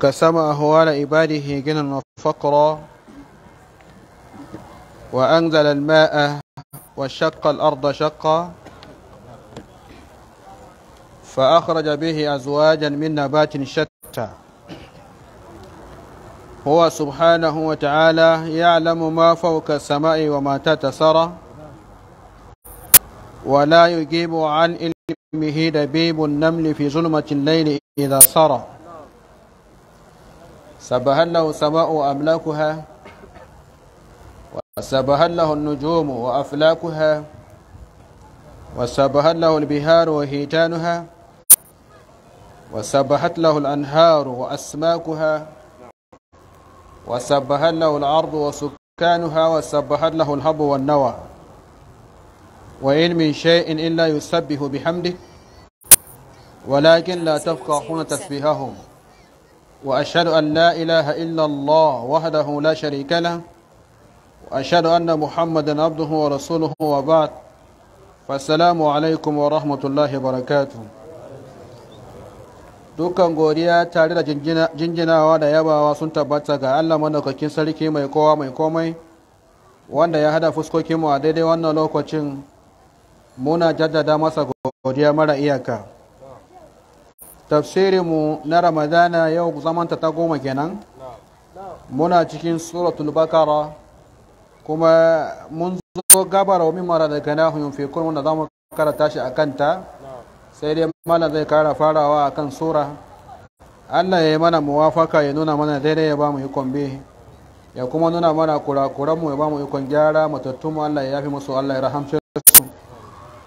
قسم أهوال عباده غنى وفقرا وأنزل الماء وشق الأرض شقا فأخرج به أزواجا من نبات شتى هو سبحانه وتعالى يعلم ما فوق السماء وما تحت ثرى ولا يجيب عن علمه دبيب النمل في ظلمة الليل إذا سرى سبح له السماء وأملاكها وسبح له النجوم وأفلاكها وسبح له البهار وهيجانها وسبحت له الأنهار وأسماكها وسبح له الأرض وسكانها وسبحت له الهب والنوى وإن من شيء إلا يسبح بحمده ولكن لا تفقهون تسبيحهم وأشهد أن لا إله إلا الله وحده لا شريك له وأشهد أن محمدا عبده ورسوله وبعد فالسلام alaikum wa rahmatullahi barakatu dukkan godiya tare da jinjinawa da yabawa sun tabbata ga allah madaukakin sarki mai kowa mai komai wanda ya hada fuskokinmu a daidai wannan lokacin muna jaddada masa godiya mara iyaka tafsirinmu na ramadana yau zamanta ta goma kenan muna cikin suratul bakara kuma mun zo gabar wa mara daga nahun yin fikun wanda za mu karata shi a kanta sai dai mana zai kara farawa a kan sura allah ya yi mana muwafaka ya nuna mana daidai ya ba mu ikon bi ya kuma nuna mana kurakuranmu ya ba mu ikon gyara matattunmu allah ya yafi musu allah ya rahamce su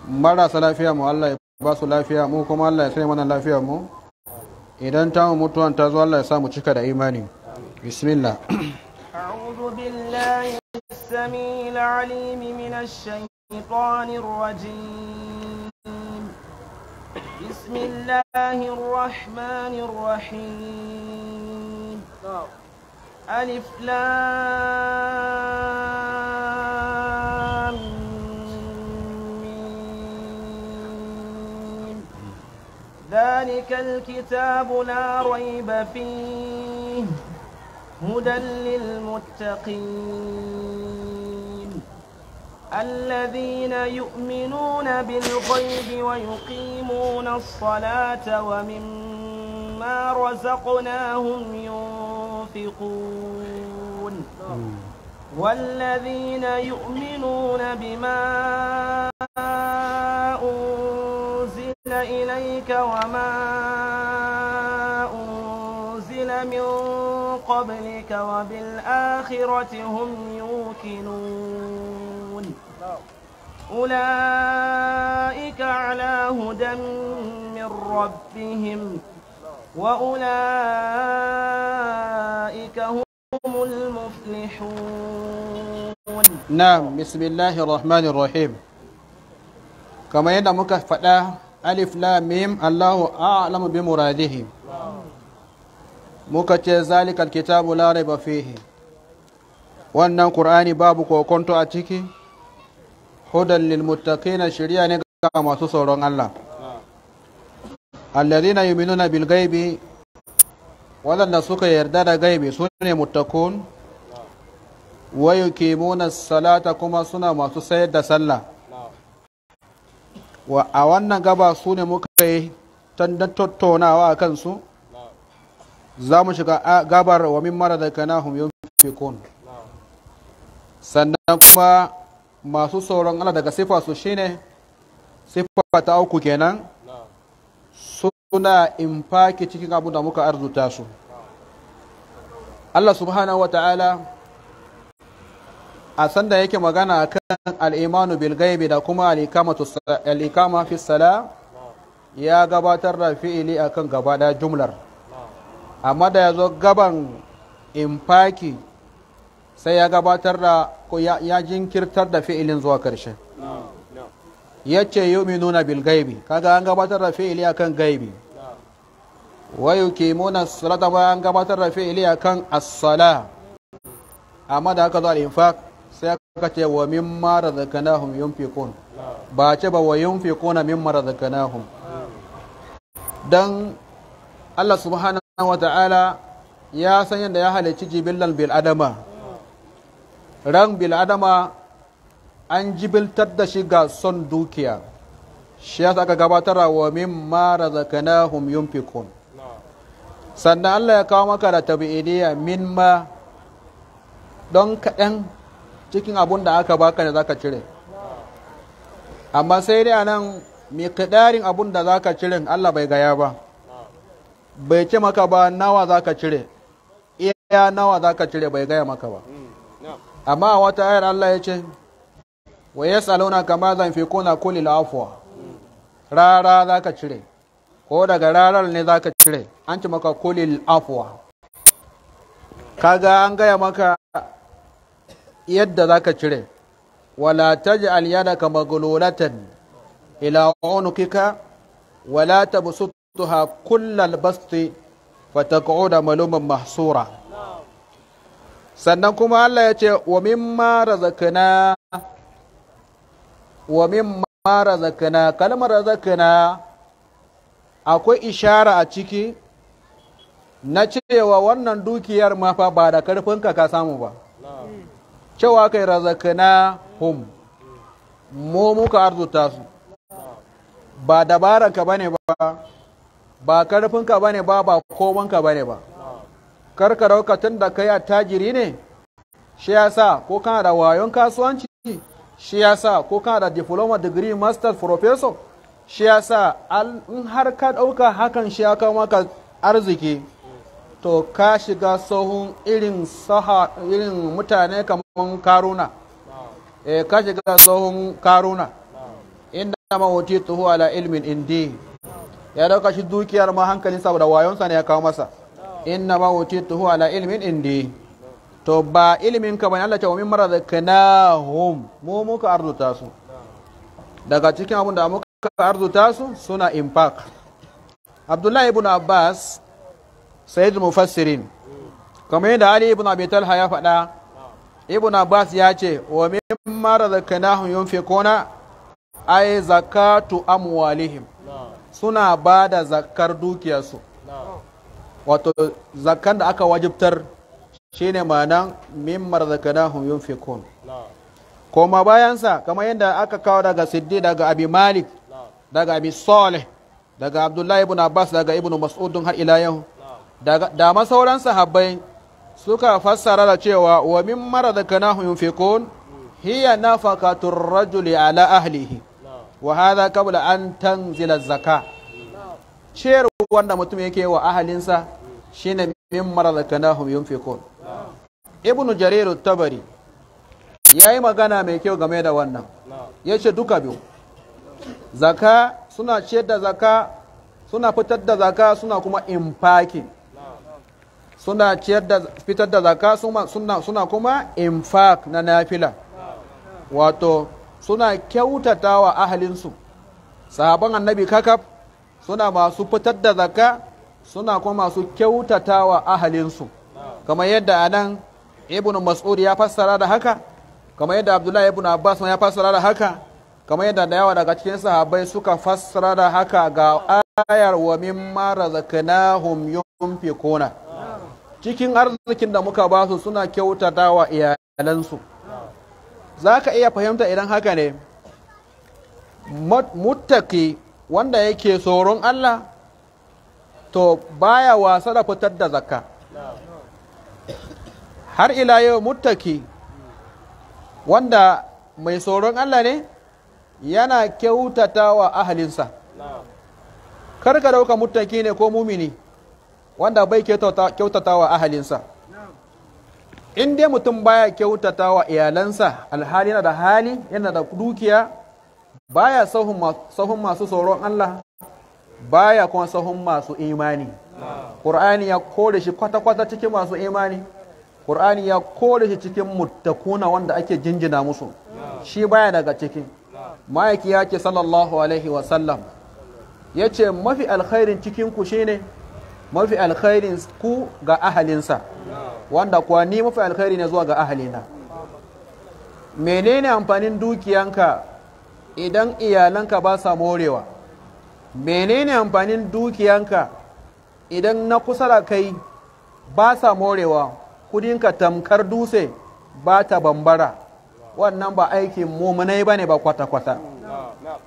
marasa lafiya mu allah ya basu lafiya mu kuma Allah ya sani mana lafiya mu idan ta mu mutuwan ta zo Allah ya sa mu cika da imani bismillah a'udhu billahi as-samil alim min ash-shaytanir rajim bismillahir rahmanir rahim alif lam ذلك الكتاب لا ريب فيه هدى للمتقين الذين يؤمنون بالغيب ويقيمون الصلاة ومما رزقناهم ينفقون والذين يؤمنون بما أنفقون إليك وما أنزل من قبلك وبالآخرة هم يوقنون أولئك على هدى من ربهم وأولئك هم المفلحون نعم بسم الله الرحمن الرحيم كما يدعى مكفأة alif lam Allahu a'lamu bi muradihi muka ce zalikal kitabu la raiba fihi wannan qur'ani babu kokonto a ciki hudan lil muttaqina shari'a ne ga masu tsoron Allah alladhina yu'minuna bil ghaibi wadanda suka yarda da gaibi sune muttaqun wa yuqimuna salata kuma suna masu sayar da sallah a wannan gaba su ne muka yi don tattaunawa a kansu za mu shiga gabar wa min mara daga kanahum yau sannan kuma masu sauran ala daga sifa su shine sifa ta uku kenan suna infaki cikin abu da muka arzuta su Allah subhanahu wa ta'ala a sanda yake magana kan al'imanu bilgaibi da kuma al'ikama fi sala ya gabatar da fi'ili akan gaba da jumlar amma da ya zo gaban infaki sai ya gabatar da ya jinkirtar da fi'ilin zuwa ƙarshe ya ce yi yuminuna bilgaibi kaga an gabatar da fi'ili akan gaibi wayu kimuna salata bayan gabatar da fi'ili akan kan sala amma da haka zo al ka ce wa min mara zakanahum yunfikun ba ce ba wa yunfikuna min mara zakanahum dan Allah subhanahu wa ta'ala ya san yadda ya halicci jibillan bil ran bil'adama an jibiltar da shi ga son dukiya shi ya aka gabatarwa wa min mara zakanahum yunfikun sannan Allah ya kawo maka da tabi'idiyya min ma don kaɗan cikin abun da aka baka da zaka cire amma sai dai anan mai kadarin abun da zaka cire Allah bai gaya ba bai ce maka ba nawa zaka cire iya nawa zaka cire bai gaya maka ba amma a wata ayar Allah ya ce wa yasaluna kama zan fi kuna kulil lafwa rara zaka cire ko daga rarar ne zaka cire an ce maka kulil lafwa kaga an gaya maka yadda za ka cire wala taj'al yadaka maglulatan ila unukika wala tabsutha kullal basti fataq'uda maluman mahsura sannan kuma Allah ya ce wa mimma razaqna wa kalmar razaqna akwai ishara a ciki na cewa wannan dukiyar mafa ba da karfinka ka samu ba cewa kai razakana hum mu muka arzuta su ba dabaranka bane ba ba karfinka bane ba ba komanka bane ba karka ɗauka tun da kai attajiri ne shi ya sa, ko kana da wayon kasuwanci shi ya sa, ko kana da diploma degree master professor shi ya in har ka ɗauka hakan shi ya kawo maka arziki to ka shiga sahun irin saha irin mutane kamar tsohon karuna eh ka shiga tsohon karuna inda ma wuce tuhu ala ilmin indi ya dauka shi dukiyar ma hankalin saboda wayonsa ne ya kawo masa inna ma wuce tuhu ala ilmin indi to ba ilimin ka bane Allah ce wa min marzaqnahum mu muka arzuta su daga cikin abin da muka arzuta su suna infaq Abdullahi ibn Abbas sayyidul mufassirin kamar yadda Ali ibn Abi Talha ya faɗa ibn abbas ya ce wa mimma razaqnahum yunfiquna ay zakatu amwalihim suna ba da zakar dukiyarsu wato zakar da aka wajibtar shine ma'anan mimma razaqnahum yunfiqun koma bayansa kamar yadda aka kawo daga siddi daga abi malik daga abi salih daga abdullahi ibn abbas daga ibn masudun har ila yau da sauran sahabbai suka fassara da cewa wa min mara da kanahu yunfikun hiya fakatun rajuli ala ahlihi wa hada an tanzila zaka ciyar wanda mutum yake wa ahalinsa shi shine min mara da kanahu yunfikun ibnu jariru tabari yi magana mai kyau game da wannan Ya ce duka biyu zaka suna ciyar da zaka suna fitar da zaka suna kuma infakin suna ciyar da fitar da zaka suna, kuma infak na nafila wato suna kyautata wa ahalinsu sahaban annabi kakaf suna masu fitar da zaka suna kuma masu kyautata wa ahalinsu kamar yadda anan ibn mas'ud ya fassara da haka kamar yadda abdullahi ibn abbas ya fassara da haka kamar yadda da yawa daga cikin sahabbai suka fassara da haka ga ayar wa mimma razaqnahum yunfikuna cikin arzikin da muka ba su suna kyautata wa iyalansu za ka iya fahimta idan haka ne muttaki wanda yake tsoron Allah to baya wasa da fitar da zakka har ila yau muttaki wanda mai tsoron Allah ne yana kyautata wa ahalinsa karka dauka mutaki ne ko mumini wanda bai kyautata wa ahalinsa in dai mutum baya kyautata wa iyalansa alhali na da hali yana da dukiya baya sahun masu tsoron Allah baya kuma sahun masu imani Qur'ani ya kore shi kwata-kwata cikin masu imani Qur'ani ya kore shi cikin mutakuna wanda ake jinjina musu shi baya daga cikin ma'aiki ya ke sallallahu alaihi wasallam ya ce mafi alkhairin cikinku shine ne mafi alkhairin ku ga ahalinsa wanda kuwa ni mafi alkhairi ne zuwa ga ahalina menene amfanin dukiyanka idan iyalanka ba sa morewa menene amfanin dukiyanka idan na kusa da kai ba sa morewa kudinka tamkar dutse ba ta bambara wannan ba aikin mumunai ba ne ba kwata-kwata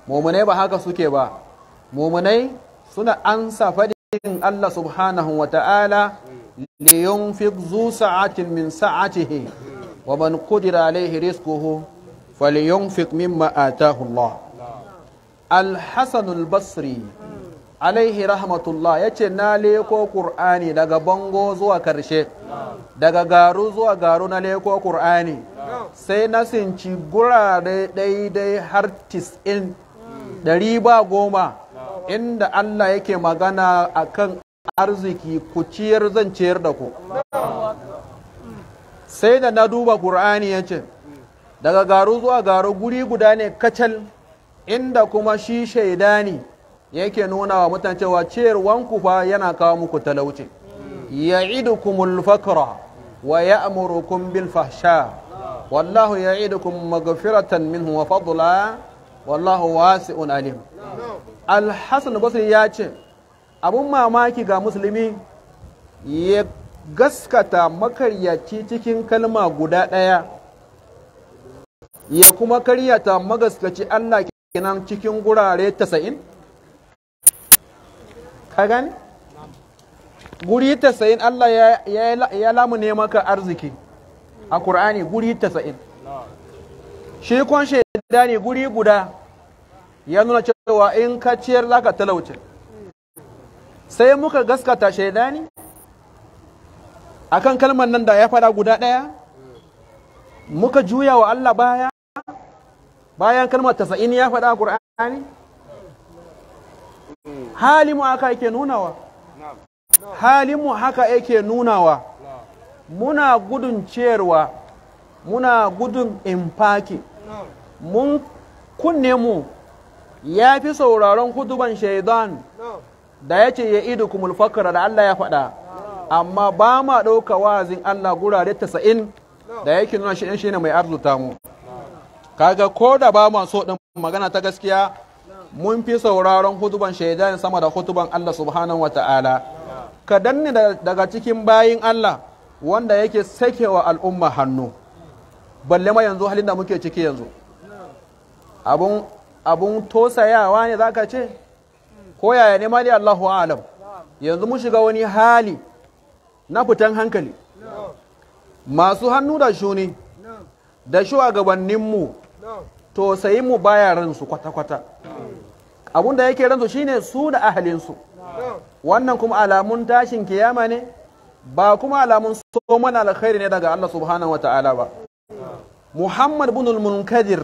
mumunai ba haka suke ba mumunai suna ansa faɗi haƙƙin Allah subhanahu wa ta'ala liyun fi sa'atin min sa'atihi wa man qudira alaihi rizquhu falyunfiq mimma atahu Allah Al-Hasan al-Basri alaihi rahmatullah yace na leko Kur'ani daga bango zuwa karshe daga garu zuwa garu na leko Kur'ani, sai na sinci gurare daidai har tisin ɗari ba goma inda Allah yake magana a kan arziki ku ciyar zan ciyar da ku sai da na duba ƙur'ani ya ce daga garu zuwa garu guri guda ne kacal inda kuma shi shaida ne yake nuna wa mutan cewa ciyarwanku fa yana kawo muku talauci ya'idukumul fakra wa ya'murukum kumbin fasha. wallahu ya ya'idukum magafiratan min wa fadula, wallahu wasi'un alim alhassan basri ya ce abun mamaki ga musulmi ya gaskata makaryaci cikin kalma guda ɗaya ya kuma karyata magaskaci allah kenan cikin gurare tasa'in? ka gani? guri tasa'in allah ya lamune maka arziki a ƙur'ani guri tasa'in shi kun shaida ne guri guda ya nuna cewa in ka ciyar za ka talauce sai muka gaskata shaida shaidani akan kalmar nan da ya fada guda ɗaya muka juya wa Allah baya bayan kalmar tasa'in ya fada ƙur'ani halimu haka yake nunawa halimu haka yake nunawa muna gudun ciyarwa muna gudun infaki mun kunne mu ya fi sauraron huduban shaidan da ya ce ya idu kumul fakara da Allah ya faɗa amma ba ma ɗauka wazin Allah gurare tasa'in da yake nuna shi shi ne mai arzuta mu kaga ko da ba ma so ɗin magana ta gaskiya mun fi sauraron huduban shaidan sama da huduban Allah subhanahu wa ta'ala ka danne daga cikin bayin Allah wanda yake sakewa al'umma hannu balle ma yanzu halin da muke ciki yanzu abun abun tosayawa ne za ka ce ko yaya ne mali Allahu alam yanzu mu shiga wani hali na fitan hankali masu hannu da shuni da shugabanninmu to sai mu baya ransu kwata-kwata abun da yake ransu shine su da ahalinsu wannan kuma alamun tashin kiyama ne ba kuma alamun so mana alkhairi ne daga Allah subhanahu wa ta'ala ba Muhammad bin al-Munkadir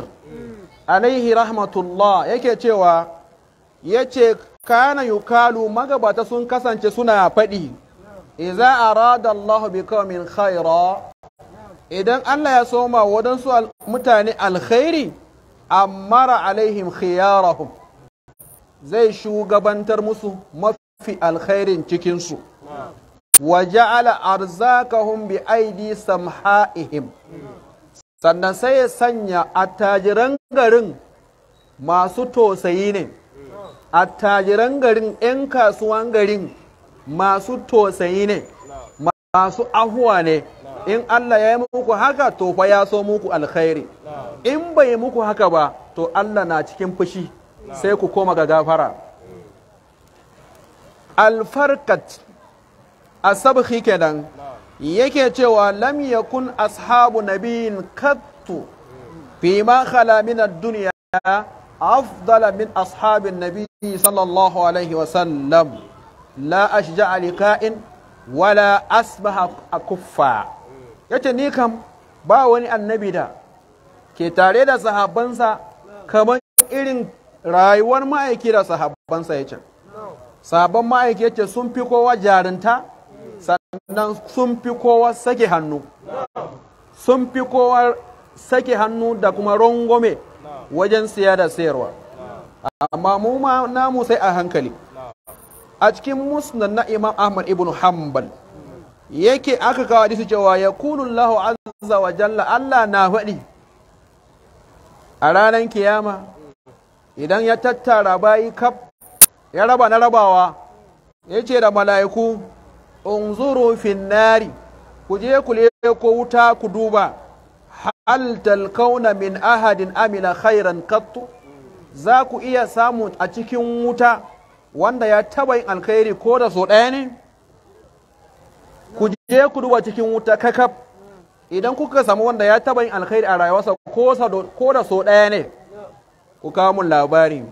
alaihi rahmatullah yake cewa yace kana kalu magabata sun kasance suna faɗi iza arada Allah bi qaumin khaira idan Allah ya soma wadansu mutane alkhairi amara alaihim khiyarahum zai shugabantar musu mafi alkhairin cikinsu wa ja'ala arzakahum bi aidi samha'ihim sannan sai ya sanya attajiran garin masu tosayi ne attajiran garin 'yan kasuwan garin masu tosayi ne masu ahuwa ne in Allah ya yi muku haka to fa ya so muku alkhairi in bai muku haka ba to Allah na cikin fushi sai ku koma ga gafara alfarkat asabhi kenan yake cewa lam yakun ashabu nabiyin kattu fi ma khala min ad-dunya afdala min ashabin nabiyyi sallallahu alaihi wa sallam la ashja'a liqa'in wala asbaha akuffa yace ni kam ba wani annabi da ke tare da sahabbansa kamar irin rayuwar ma'aiki da sahabbansa yace sahabban ma'aiki yace sun fi kowa jarinta nan sun fi kowa sake hannu sun fi kowa sake hannu da kuma rongome wajen siya da sayarwa amma mu ma namu sai a hankali a cikin musnad na imam ahmad ibn hanbal yake aka kawo hadisi cewa ya kulullahu azza wa jalla allah na faɗi a ranar kiyama idan ya tattara bayi kaf ya raba na rabawa ya ce da mala'iku unzuru finnari ku je ku leko wuta ku duba hal talkauna min ahadin amila khairan kattu za ku iya samu a cikin wuta wanda ya taba yin alkhairi ko da so ɗaya ne ku je ku duba cikin wuta kakaf idan kuka samu wanda ya taba yin alkhairi a rayuwarsa ko da so ɗaya ne ku kawo mun labari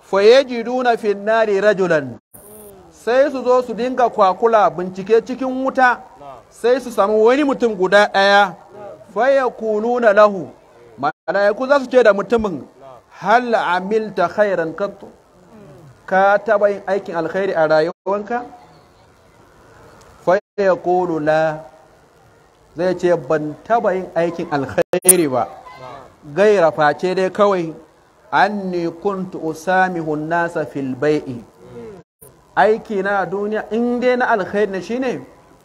fa yajiduna fi nari rajulan sai su zo su dinga kwakula bincike cikin wuta sai su samu wani mutum guda ɗaya faya na lahu mala'iku za su ce da mutumin hal amilta khairan kattu ka taɓa yin aikin alkhairi a rayuwanka faya kulu la zai ce ban taba yin aikin alkhairi ba gaira face dai kawai anni kuntu usamihun nasa fil bai'i aiki na duniya in dai na alkhairi ne shine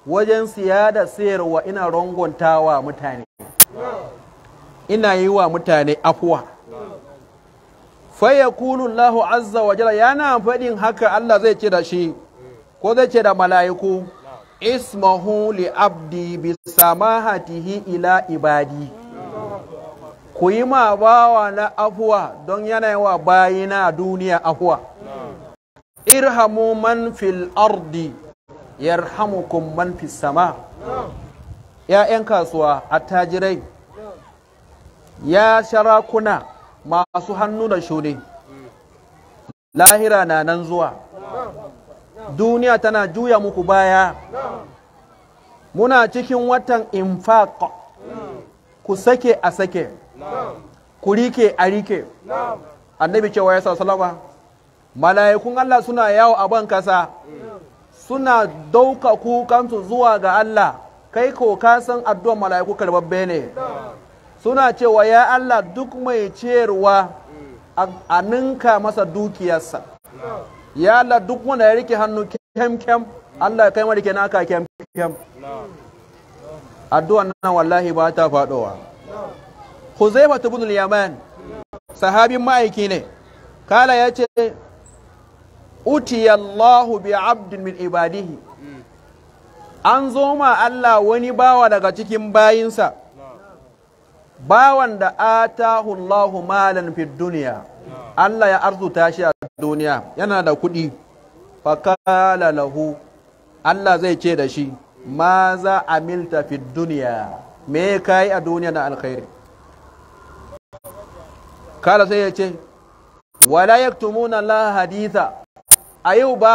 wajen siya da sayarwa ina rangontawa mutane ina yi wa mutane afuwa faya kulullahu azza wa jala yana faɗin haka Allah zai ce da shi ko zai ce da mala'iku ismahu li abdi bi samahatihi ila ibadi ku yi ma bawa na afuwa don yana yi wa bayina duniya afuwa irhamu man fil ardi yarhamukum man fis sama ‘ya'yan kasuwa attajirai ya sharakuna masu hannu da shuni lahira na nan zuwa duniya tana juya muku baya muna cikin watan infaq ku sake a sake ku rike a rike annabi cewa ya salama Malayakun Allah suna yawo a ban kasa suna dauka kukansu zuwa ga Allah kai ko ka san addu'ar mala'iku karbabbe ne suna cewa ya Allah duk mai ciyarwa a ninka masa dukiyarsa ya Allah duk wanda ya rike hannu kem Allah kai ma rike naka kem addu'an nan wallahi ba ta faɗowa Huzaifa ibn al-Yaman sahabin ma'aiki ne kala yace utiyallahu Allahu bi abdin min ibadihi an zo ma Allah wani bawa daga cikin bayinsa bawan da atahu Allahu malan fid duniya Allah ya arzuta shi a duniya yana da kuɗi fakala lahu Allah zai ce da shi ma za amilta fid duniya me kai a duniya na alkhairi kala sai ya ce wala yaktumuna la haditha a yau ba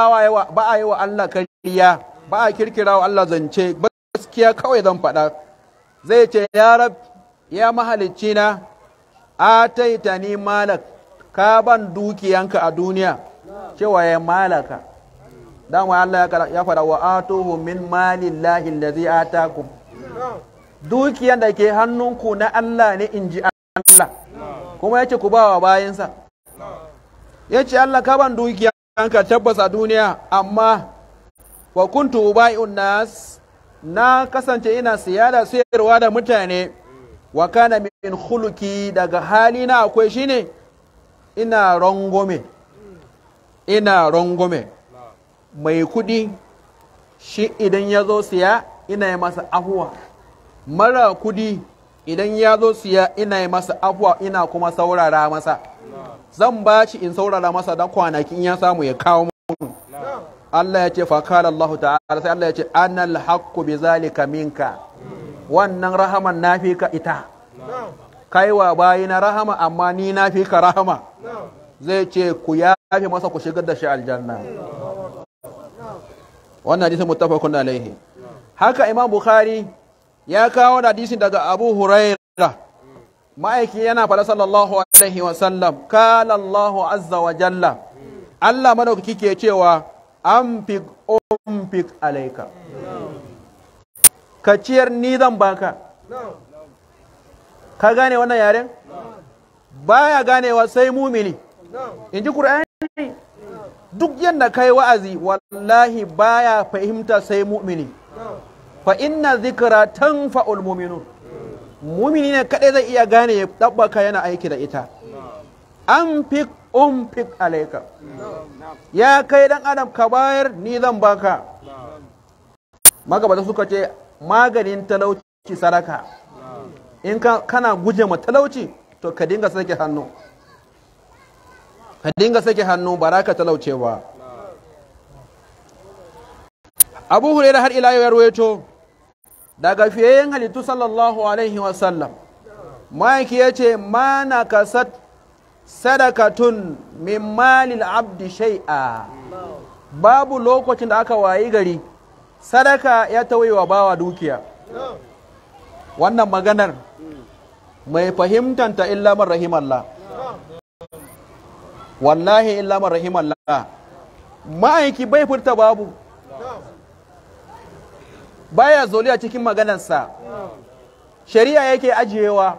a yi wa Allah kariya ba a kirkira wa Allah zance gaskiya kawai zan faɗa zai ce ya rab ya mahalicci na a taita ni malak ka ban dukiyanka a duniya cewa ya malaka dama Allah ya faɗa wa atuhu min malillahi allazi atakum dukiyan da ke hannunku na Allah ne in ji Allah kuma yace ku bawa bayansa yace Allah ka ban dukiya ka tabbas a duniya amma wa kuntu ubai'un nas na kasance ina siya da sayarwa da mutane wa kana min khuluki daga hali na akwai shine ina rangome ina rangome mai kudi shi idan ya zo siya ina yi masa afuwa mara kudi idan ya zo siya ina yi masa afuwa ina kuma saurara masa zan ba shi in saurara masa da kwanaki in ya samu ya kawo mun Allah ya ce fa kala Allah ta'ala sai Allah ya ce anal haqqu bi zalika minka wannan rahaman nafi ka ita kaiwa bayi na rahama amma ni nafika ka rahama zai ce ku fi masa ku shigar da shi aljanna wannan hadisin muttafaqun alaihi haka imam bukhari ya kawo hadisin daga abu hurairah ma'aiki yana faɗa sallallahu alaihi wa sallam. Allahu azza wa jalla Allah madaukaki ke cewa amfik umfik alaika ka ciyar ni zan baka ka gane wannan yaren baya ganewa sai mumini in ji ƙur'ani duk yadda kai wa'azi wallahi baya fahimta sai mumini fa inna zikra tanfa'ul mu'minun mumini ne kadai zai iya gane ya dabbaka yana aiki da ita an fi un fi alaika ya kai dan adam ka bayar ni zan baka magabata suka ce maganin talauci sadaka in kana guje ma talauci to ka dinga sake hannu ka dinga sake hannu ba za ka talauce ba abu hulera har ila yau ya ruwaito daga fiyayyen halittu sallallahu alaihi wasallam ma'aiki ya ce ma na kasat sadakatun min malil abdi shai'a babu lokacin da aka wayi gari sadaka ya wa bawa dukiya wannan maganar mai fahimtanta illa man rahimallah wallahi illa man rahimallah ma'aiki bai furta babu baya a cikin maganarsa shari'a yake ajiyewa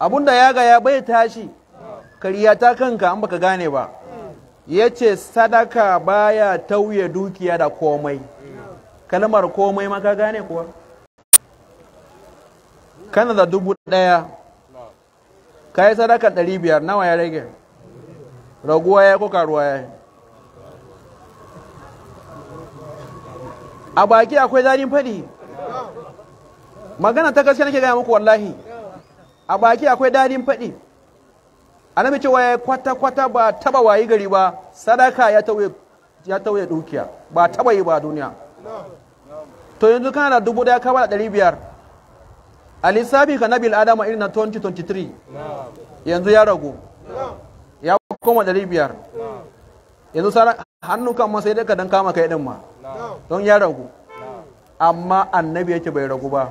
abunda ya ga ya bai tashi kariya ta kanka an baka gane ba ya ce sadaka baya tauye dukiya da komai kalmar komai maka gane kuwa kana da dubu ɗaya ka yi sadaka ɗari biyar nawa ya rage raguwa ya ko karuwa ya yi a baki akwai daɗin fadi magana ta gaske nake gaya muku wallahi a baki akwai daɗin fadi annabi cewa ya kwata kwata ba taba wayi gari ba sadaka ya tauye ya tauye dukiya ba taba yi ba duniya to yanzu kana da dubu daya ka da ɗari biyar a lissafi ka nabil adama irin na 2023 yanzu ya ragu ya koma ɗari biyar yanzu hannu kan ma sai dai ka dan kama kai din ma don ya ragu amma annabi yake bai ragu ba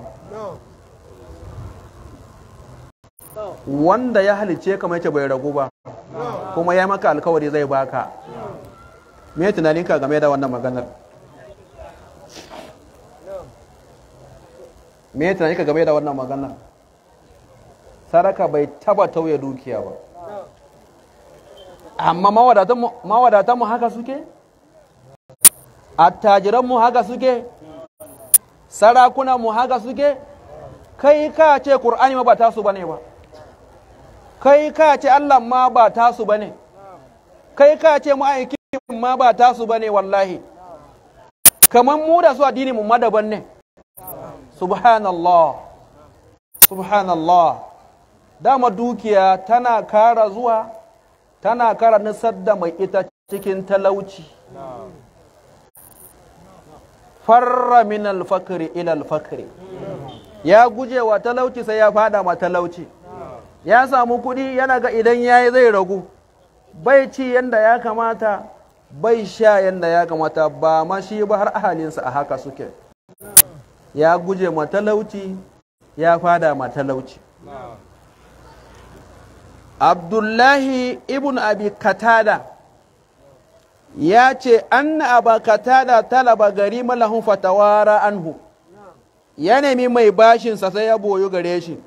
wanda ya halice kamar yake bai ragu ba kuma ya maka alkawari zai baka me ka game da wannan maganar me tunaninka game da wannan maganar saraka bai taba tauye dukiya ba amma mawadatan mu haka suke attajiran mu haka suke Sarakuna mu haka suke kai ka ce ƙur'ani ma ba tasu bane ba kai ka ce Allah ma ba tasu bane kai ka ce ma'aikin ma ba tasu bane wallahi kamar mu da su addini mu madaban ne subhanallah subhanallah dama dukiya tana kara zuwa tana kara nisar da mai ita cikin talauci farra min alfakari, ila alfakari. ya guje wa talauci sai ya fada ma talauci ya samu kuɗi yana ga idan ya yi zai ragu bai ci yadda ya kamata bai sha yadda ya kamata ba ma shi ba har ahalinsa a haka suke ya guje ma talauci ya fada ma talauci abdullahi ibn abi katada ya ce anna abu katada talaba gari malahun fatawara anhu ya nemi mai bashinsa sai ya boyu gare shi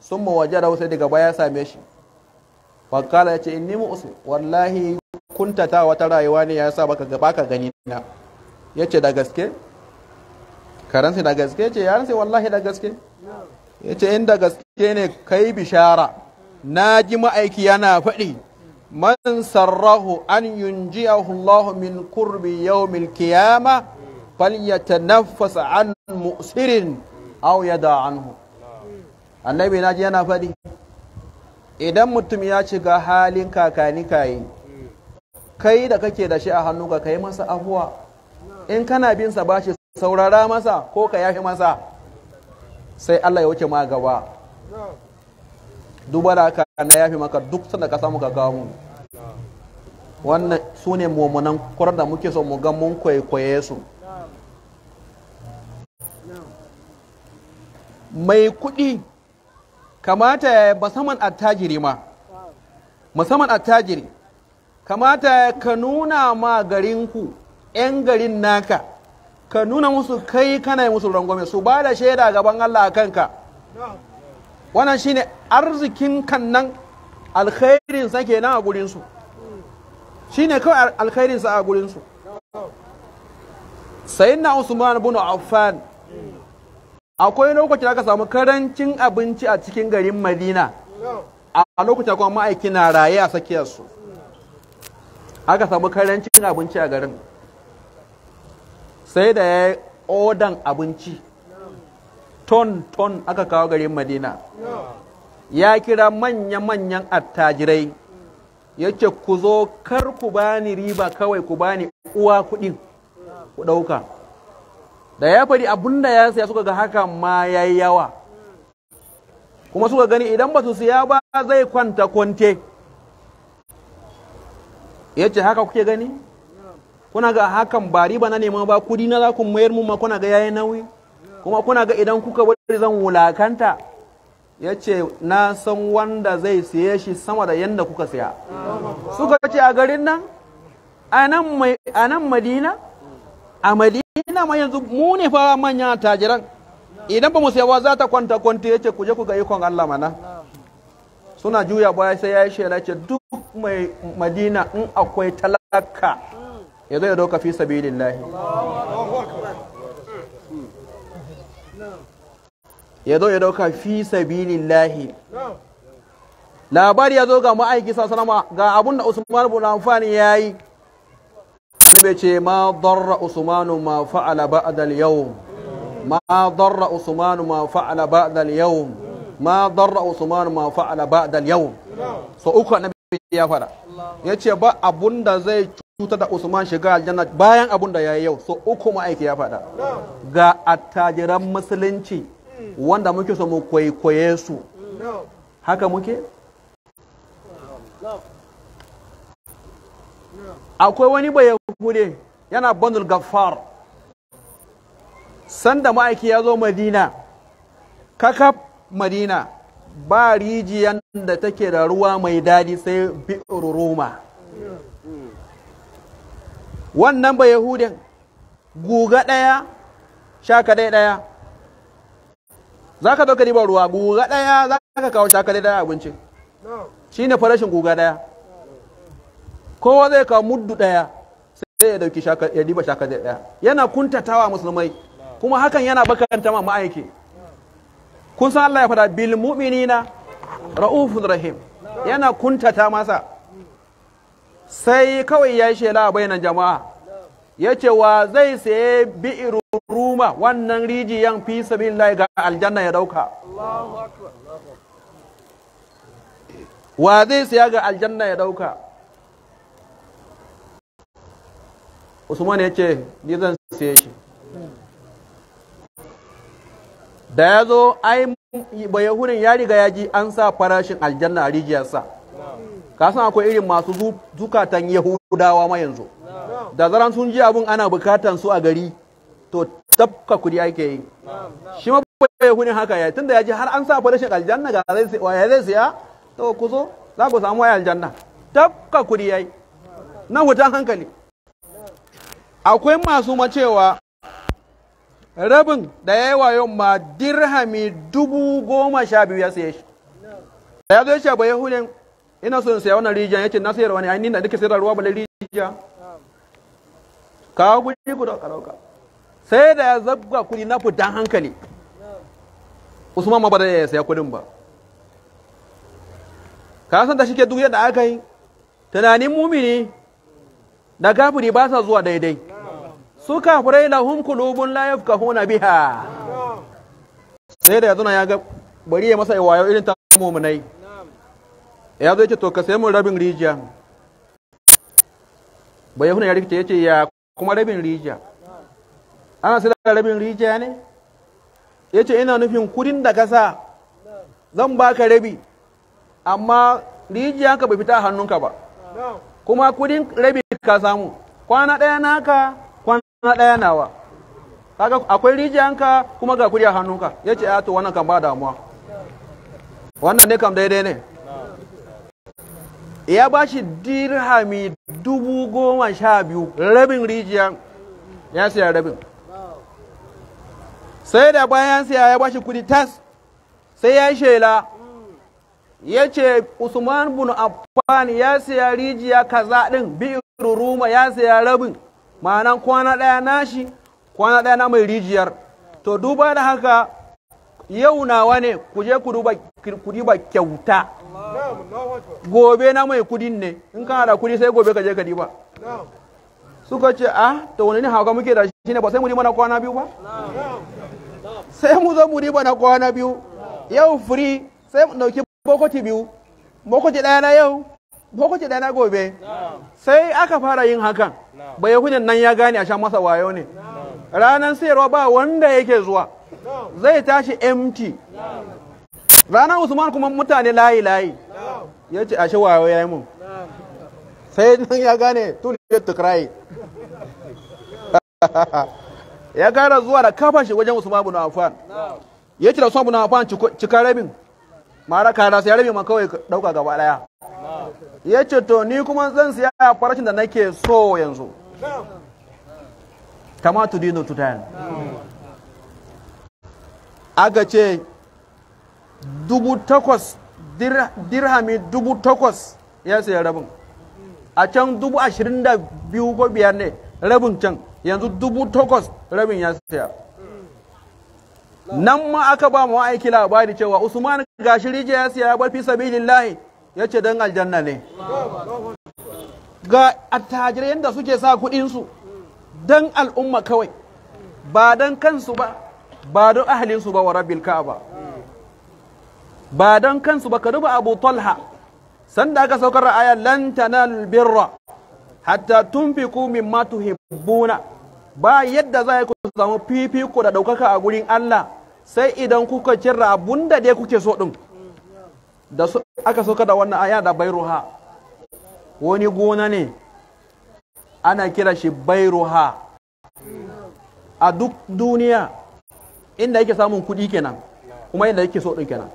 sun waje da wasu daga baya same shi fakala ya ce in nemi usu wallahi kuntata wata rayuwa ne ya sa baka gaba ka gani na ya ce da gaske karansa da gaske ce ya ransa wallahi da gaske ya ce in da gaske ne kai bishara na ji ma'aiki yana faɗi man sarrahu an a Allah min kurbi yawmil qiyama nafasa an musirin aw da anhu annabi na ji yana faɗi idan mutum ya shiga halin kakani kayi kai da kake da shi a hannu ka kai masa abuwa in kana bin sa bashi saurara masa ko ka yafi masa sai Allah ya wuce ma gaba duba da haka na yafi maka duk sanda ka samu ka kawo mu wannan su ne mummunan kwarar da muke so mu ga mun kwaikwaye su mai kuɗi kamata ya musamman attajiri ma musamman attajiri kamata ka nuna ma garinku 'yan garin naka ka nuna musu kai kana yi musu rangwame su ba da shaida gaban Allah a kanka wannan shine arzikin kannan alkhairin sa kenan a gurin su shine kawai alkhairin sa a gurin su sayyidina Usman ibn Affan akwai lokacin aka samu karancin abinci a cikin garin Madina a lokacin kuma ma'aiki na raye a tsakiyar su aka samu karancin abinci a garin sai da ya yi odan abinci ton ton aka kawo garin madina ya kira manya-manyan attajirai yake ku zo kar ku bani riba kawai ku bani uwa kuɗi ku ɗauka da ya faɗi abunda ya saya suka ga haka ma ya yi yawa kuma suka gani idan ba su siya ba zai kwanta kwante ya ce haka kuke gani kuna ga hakan ba riba na neman ba kudi na za ku mayar mu ma kuna ga yayi nauyi kuma kuna ga idan kuka bari zan wulakanta ya ce na san wanda zai siye shi sama da yadda kuka siya suka ce a garin nan a nan madina a madina ma yanzu mu ne manyan tajiran idan ba mu siya ba za ta kwanta kwanta ya ce ku je ku ga ikon Allah mana suna juya baya sai ya yi shela ce duk mai madina in akwai talaka ya zai doka fi sabilillahi ya zo ya dauka fi sabilillahi labari ya zo ga ma'aiki sallama ga abun da Usman ibn Affan yayi bai ce ma darra Usman ma fa'ala ba'da al-yawm ma darra Usman ma fa'ala ba'da al-yawm ma darra Usman ma fa'ala ba'da al-yawm so uku annabi ya fara yace ba abun da zai cutar da Usman shiga aljanna bayan abun da yi yau so uku ma'aiki ya fada ga attajiran musulunci wanda muke so mu kwaikwaye su haka muke akwai wani bai yahude yana banul gaffar sanda ma'aiki ya zo madina kakaf madina ba rijiyan da take da ruwa mai daɗi sai bi'ir roma wannan ba yahudin guga ɗaya shaka ɗaya za ka ɗauka ka riba ruwa guga ɗaya za ka kawo cakali ɗaya abincin shi ne farashin guga ɗaya kowa zai kawo muddu ɗaya sai ya ɗauki ya riba cakali ɗaya yana kuntatawa musulmai kuma hakan yana bakanta ma ma'aiki kun san Allah ya faɗa bil mu'minina ra'ufun rahim yana kuntata masa sai kawai ya yi shela a bayanan jama'a ya ce wa zai saye bi'iru ruma wannan rijiyan fi sabilillahi ga aljanna ya dauka wa zai saya ga aljanna ya dauka usman ya ce ni zan saye shi da ya zo ai bayahunin ya riga ya ji an sa farashin aljanna a rijiyarsa kasan akwai irin masu zukatan yahudawa ma yanzu da zaran sun ji abun ana bukatan su a gari to tafka kudi ake yi shi ma bai hunin haka ya tunda ya ji har an sa farashin aljanna ga zai waya zai siya to ku zo za ku samu waya aljanna tafka kudi yayi na hutan hankali akwai masu macewa rabin da ya yi wayo ma dirhami dubu goma sha biyu ya siya shi da ya zo ya ce bai hunin ina so in siya wannan rijiya ya ce na sayar wani ainihin da duka sayar ruwa na rijiya kawo guri ku dauka dauka sai da ya zabga kuɗi na ku dan hankali usman ma ba da ya saya kudin ba ka san da shike duk yadda aka yi tunanin mumini da gafiri ba sa zuwa daidai su kafirai lahum qulubun la yafqahuna biha sai da ya zuna ya ga bari ya masa wayo irin ta mumunai ya zo yace to ka sai mun rabin rijiya bai huna ya rikice yace ya kuma rabin rijiya ana sai da rabin rijiya ne ya ce ina nufin kudin da kasa zan baka rabi amma rijiya ka bai fita hannunka ba kuma kudin rabi ka samu kwana ɗaya naka kwana ɗaya nawa kaga akwai rijiyanka kuma ga kudi a hannunka ya ce to wannan kan ba damuwa wannan ne kam daidai ne ya ba shi dirhami dubu goma sha biyu rabin rijiya ya siya rabin sai da bayan siya ya ba shi kudi tas sai ya yi shela ya ce usman bin affan ya siya rijiya kaza din biyu ruma ya siya rabin ma'ana kwana ɗaya nashi kwana ɗaya na mai rijiyar to duba da haka yau nawa ne ku je ku riba kyauta gobe na mai kudin ne in kana da kudi sai gobe ka je ka riba suka ce a ah, to wani ne hauka muke da shi ne ba sai mu riba na kwana biyu ba sai mu zo mu riba na kwana biyu yau firi sai mu dauki bokoti biyu bokoti daya na yau bokoti daya na gobe sai aka fara yin hakan ba yahudan nan ya gane a sha masa wayo ne ranar sayarwa ba wanda yake zuwa zai tashi empty ranar usman kuma mutane layi layi ya ce ashe wayo ya yi mun sai nan ya gane tun to cry ya gara zuwa da kafa shi wajen usman bin affan ya ce da usman bin affan cika rabin mara kara sai rabin ma kawai dauka gaba daya ya ce to ni kuma zan siya farashin da nake so yanzu kama tudinu tutayan aka ce dubu takwas dirhami dubu takwas ya saya rabin a can dubu ashirin da biyu ko biyar ne rabin can yanzu dubu takwas rabin ya saya nan ma aka ba mu aiki labari cewa usman gashi rije ya siya ya bar fi sabilillahi ya ce dan aljanna ne ga attajirai yadda suke sa kuɗinsu don al'umma kawai ba don kansu ba ba don ahalinsu ba wa rabin ka'aba ba don kansu ba ka duba abu talha sanda aka saukar da aya lan tanalul birra hatta kumin matu hibbuna ba yadda za ku samu fifiko da ɗaukaka a gurin Allah sai idan kuka cirra abun da dai kuke so din da aka sauka da wannan aya da bairuha wani gona ne ana kira shi bairuha a duk duniya inda yake samun kuɗi kenan kuma inda yake so ɗin kenan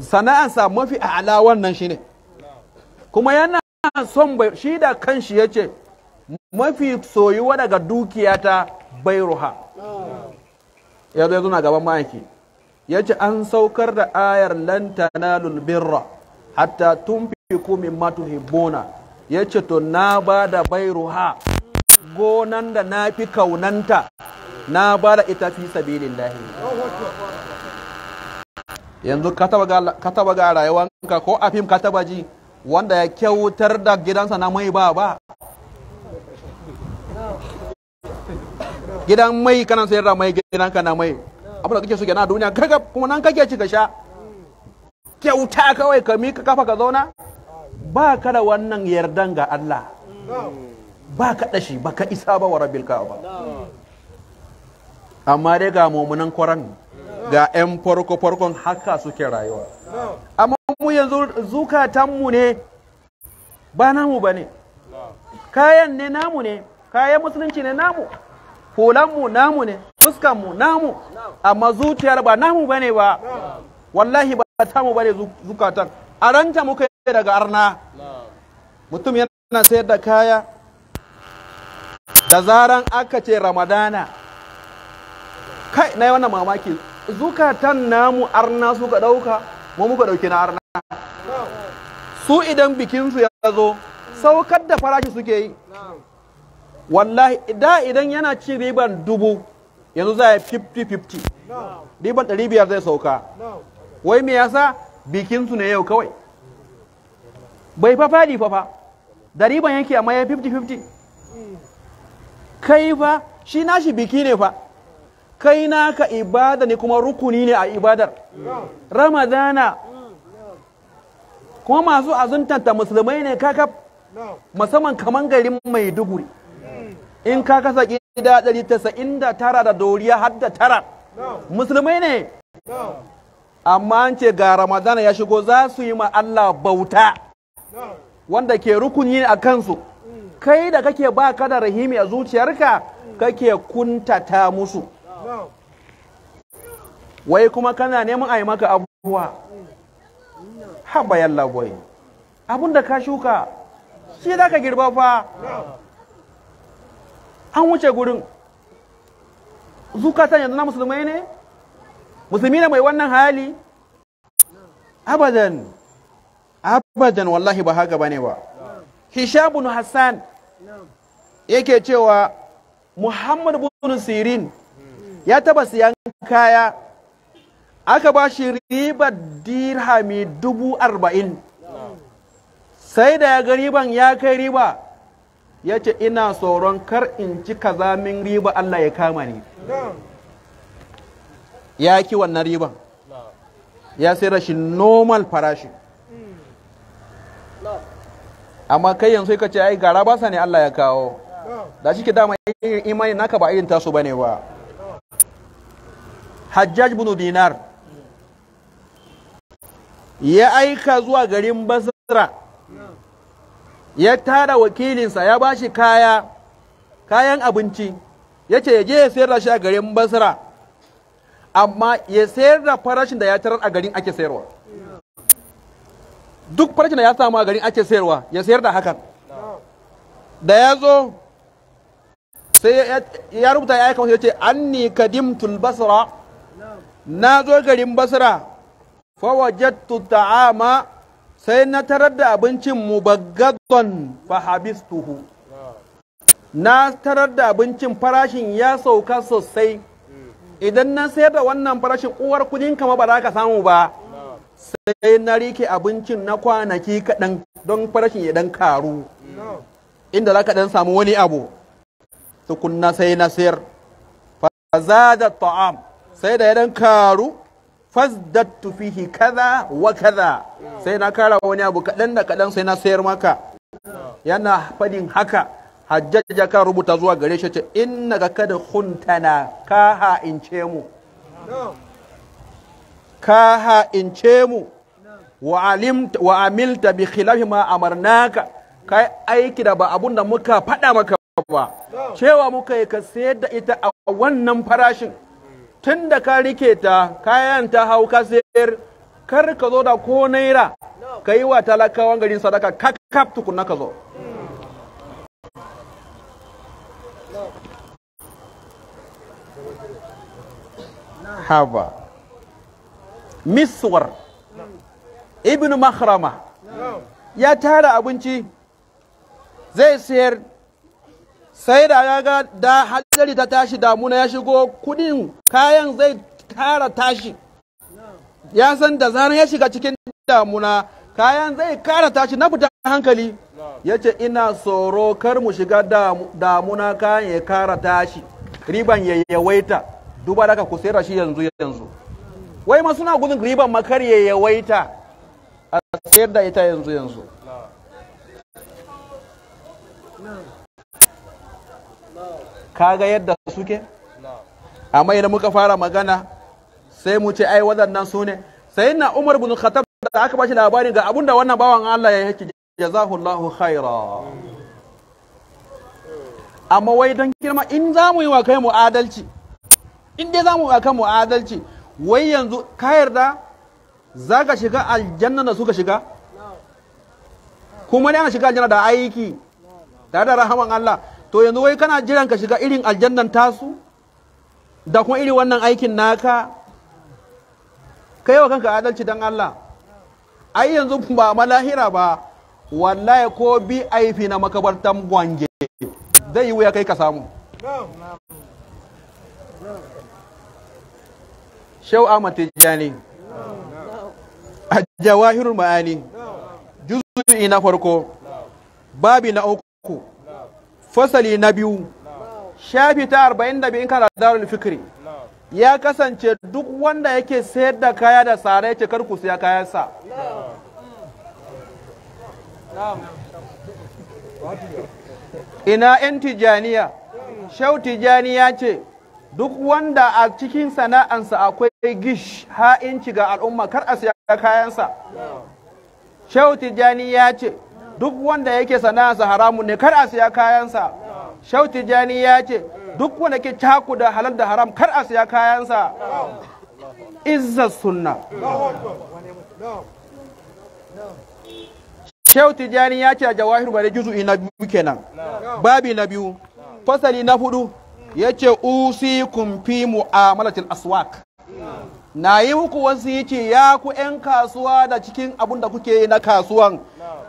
sana'ansa mafi ala wannan shine kuma yana son shi da kanshi ya ce mafi soyuwa daga dukiya dukiyata bairuha ya zo ya zuna gaban ma'aiki ya ce an saukar da ayar lantana lulbirra hatta tun fi kumin matuhibbona ya ce to na ba da bairuha gonan da na fi kaunanta na ba da ita fi sabilin lahi yanzu ka taba ga rayuwanka ko a fim ka taba ji wanda ya kyautar da gidansa na mai ba ba gidan mai kana sayar da mai gidan ka na mai abu da kake so na duniya kaga kuma nan kake ci ka sha kyauta kawai ka mika kafa ka zauna ba ka da wannan yardan ga Allah ba ka ɗashi ba ka isa ba wa rabbil ba amma dai ga mummunan kwaran ga 'yan farko farkon haka suke rayuwa amma mu yanzu zukatanmu ne ba namu ba ne kayan ne namu ne kayan musulunci ne namu hulanmu namu ne fuskanmu namu amma zuciyar ba namu ba ne ba wallahi ba tamu ba ne zukatan a ranta muka yi daga arna mutum yana sayar da kaya da zaran aka ce ramadana kai na yi wannan mamaki zukatan namu arna suka ɗauka mu muka ɗauki na arna su idan bikinsu ya zo saukar da farashi suke yi wallahi da idan yana ci riban dubu yanzu za a 50-50 riban 500 zai sauka wai me yasa bikinsu ne yau kawai bai fafa faɗi fa da riban yake amma ya 50-50 kai fa shi nashi biki ne fa kai naka ibada ne kuma rukuni ne a ibadar ramadana kuma masu azuntanta musulmai ne kaka musamman kaman garin maiduguri in ka kasa gida ɗari tasa'in da tara da doriya har da tara musulmai ne amma an ce ga ramadana ya shigo za su yi ma Allah bauta wanda ke rukuni a kansu kai da kake ba ka da rahimi a zuciyarka kake kuntata musu wai kuma kana neman a yi maka abubuwa haɓa yalla boy abinda ka shuka shi za ka girba fa an wuce gurin zukatan yanzu na musulmai ne musulmi ne mai wannan hali abadan abadan wallahi ba haka ne ba hisham bin hassan yake cewa Muhammad bin Sirin ya taba siyan kaya aka ba shi ribar dirhami dubu arba'in sai da ya ga riban ya kai riba ya ce ina tsoron kar in ci kazamin riba Allah ya kama ni ya ki wannan riban ya sai rashin shi normal farashi amma kai yanzu ka ce ai gara ba sa ne Allah ya kawo da shi ke dama irin imani naka ba irin tasu bane ba Hajjaj bin Dinar ya aika zuwa garin Basra ya tara wakilinsa ya bashi kaya kayan abinci ya ce ya je ya sayar da shi a garin Basra amma ya sayar da farashin da ya tarar a garin ake sayarwa duk farcina ya samu a garin ake sayarwa ya sayar da hakan da ya zo sai ya rubuta ya aika ya ce anni kadimtul basra na zo garin basra fa wajadtu ta'ama sai na tarar da abincin mu ba fa habistuhu na tarar da abincin farashin ya sauka sosai idan na sayar da wannan farashin uwar kudin kama ba za ka samu ba sai na rike abincin na kwanaki kaɗan don farashin ya ɗan karu inda za ka ɗan samu wani abu tukunna sai na sayar Faza da ta'am sai da ya ɗan karu fasdattu fihi kaza wa kaza sai na kara wani abu kaɗan da kaɗan sai na sayar maka yana faɗin haka hajjajja ka rubuta zuwa gare shi ce innaka kada huntana ka ha'ince mu ka ha'ince mu wa amilta bi khilafi ma amarnaka kai aiki da ba abun da muka faɗa maka ba cewa muka yi ka sayar da ita a wannan farashin tun da ka rike ta kayan ta hau ka sayar kar ka zo da ko naira ka yi wa talakawan garin sadaka ka kakaf tukunna ka zo haba miswar ibn mahrama ya tara abinci zai sayar sai da ya ga da hadari ta tashi damuna ya shigo kudin kayan zai kara tashi ya san da zaran ya shiga cikin damuna kayan zai kara tashi na fita hankali ya ce ina tsoro kar mu shiga damuna kayan ya kara tashi riban ya yawaita duba daga ku sayar shi yanzu yanzu wai ma suna gudun riban makar ya yawaita a sayar da ita yanzu yanzu kaga yadda suke amma idan muka fara magana sai mu ce ai waɗannan su ne sai na umar bin khattab da aka bashi labari ga abun da wannan bawan Allah ya yake jazahullahu khaira amma wai don girma in za mu yi wa kai mu adalci in dai za mu yi wa kai mu adalci wai yanzu ka yarda za ka shiga aljanna da suka shiga kuma ne ana shiga aljanna da aiki tare da rahaman Allah to yanzu wai kana jiran ka shiga irin aljannan tasu da kuma irin wannan aikin naka kai wa kanka adalci don Allah ai yanzu ba malahira ba wallahi ko bi aifi na makabartan gwange zai yi wuya kai ka samu Shau Ahmad Tijjani a Jawahirul Ma'ani juz'i na farko babi na uku fasali na biyu shafi ta arba'in da biyu kana darul fikri ya kasance duk wanda yake sayar da kaya da tsare yake kar ku siya kayansa ina 'yan tijaniya shau tijaniya ce duk wanda a cikin sana'ansa akwai gish ha'inci ga al'umma kar a siya kayansa shehu tijjani ya ce duk wanda yake sana'ansa haramun ne kar a siya kayansa shehu tijjani ya ce duk wanda ke caku da halal da haram kar a siya kayansa izza sunna shehu tijjani ya ce a jawahir bari juzu'i na biyu kenan babi na biyu fasali na hudu yace usikum fi mu'amalatil aswak na yi muku wasiki ya ku 'yan kasuwa da cikin abin da kuke yi na kasuwan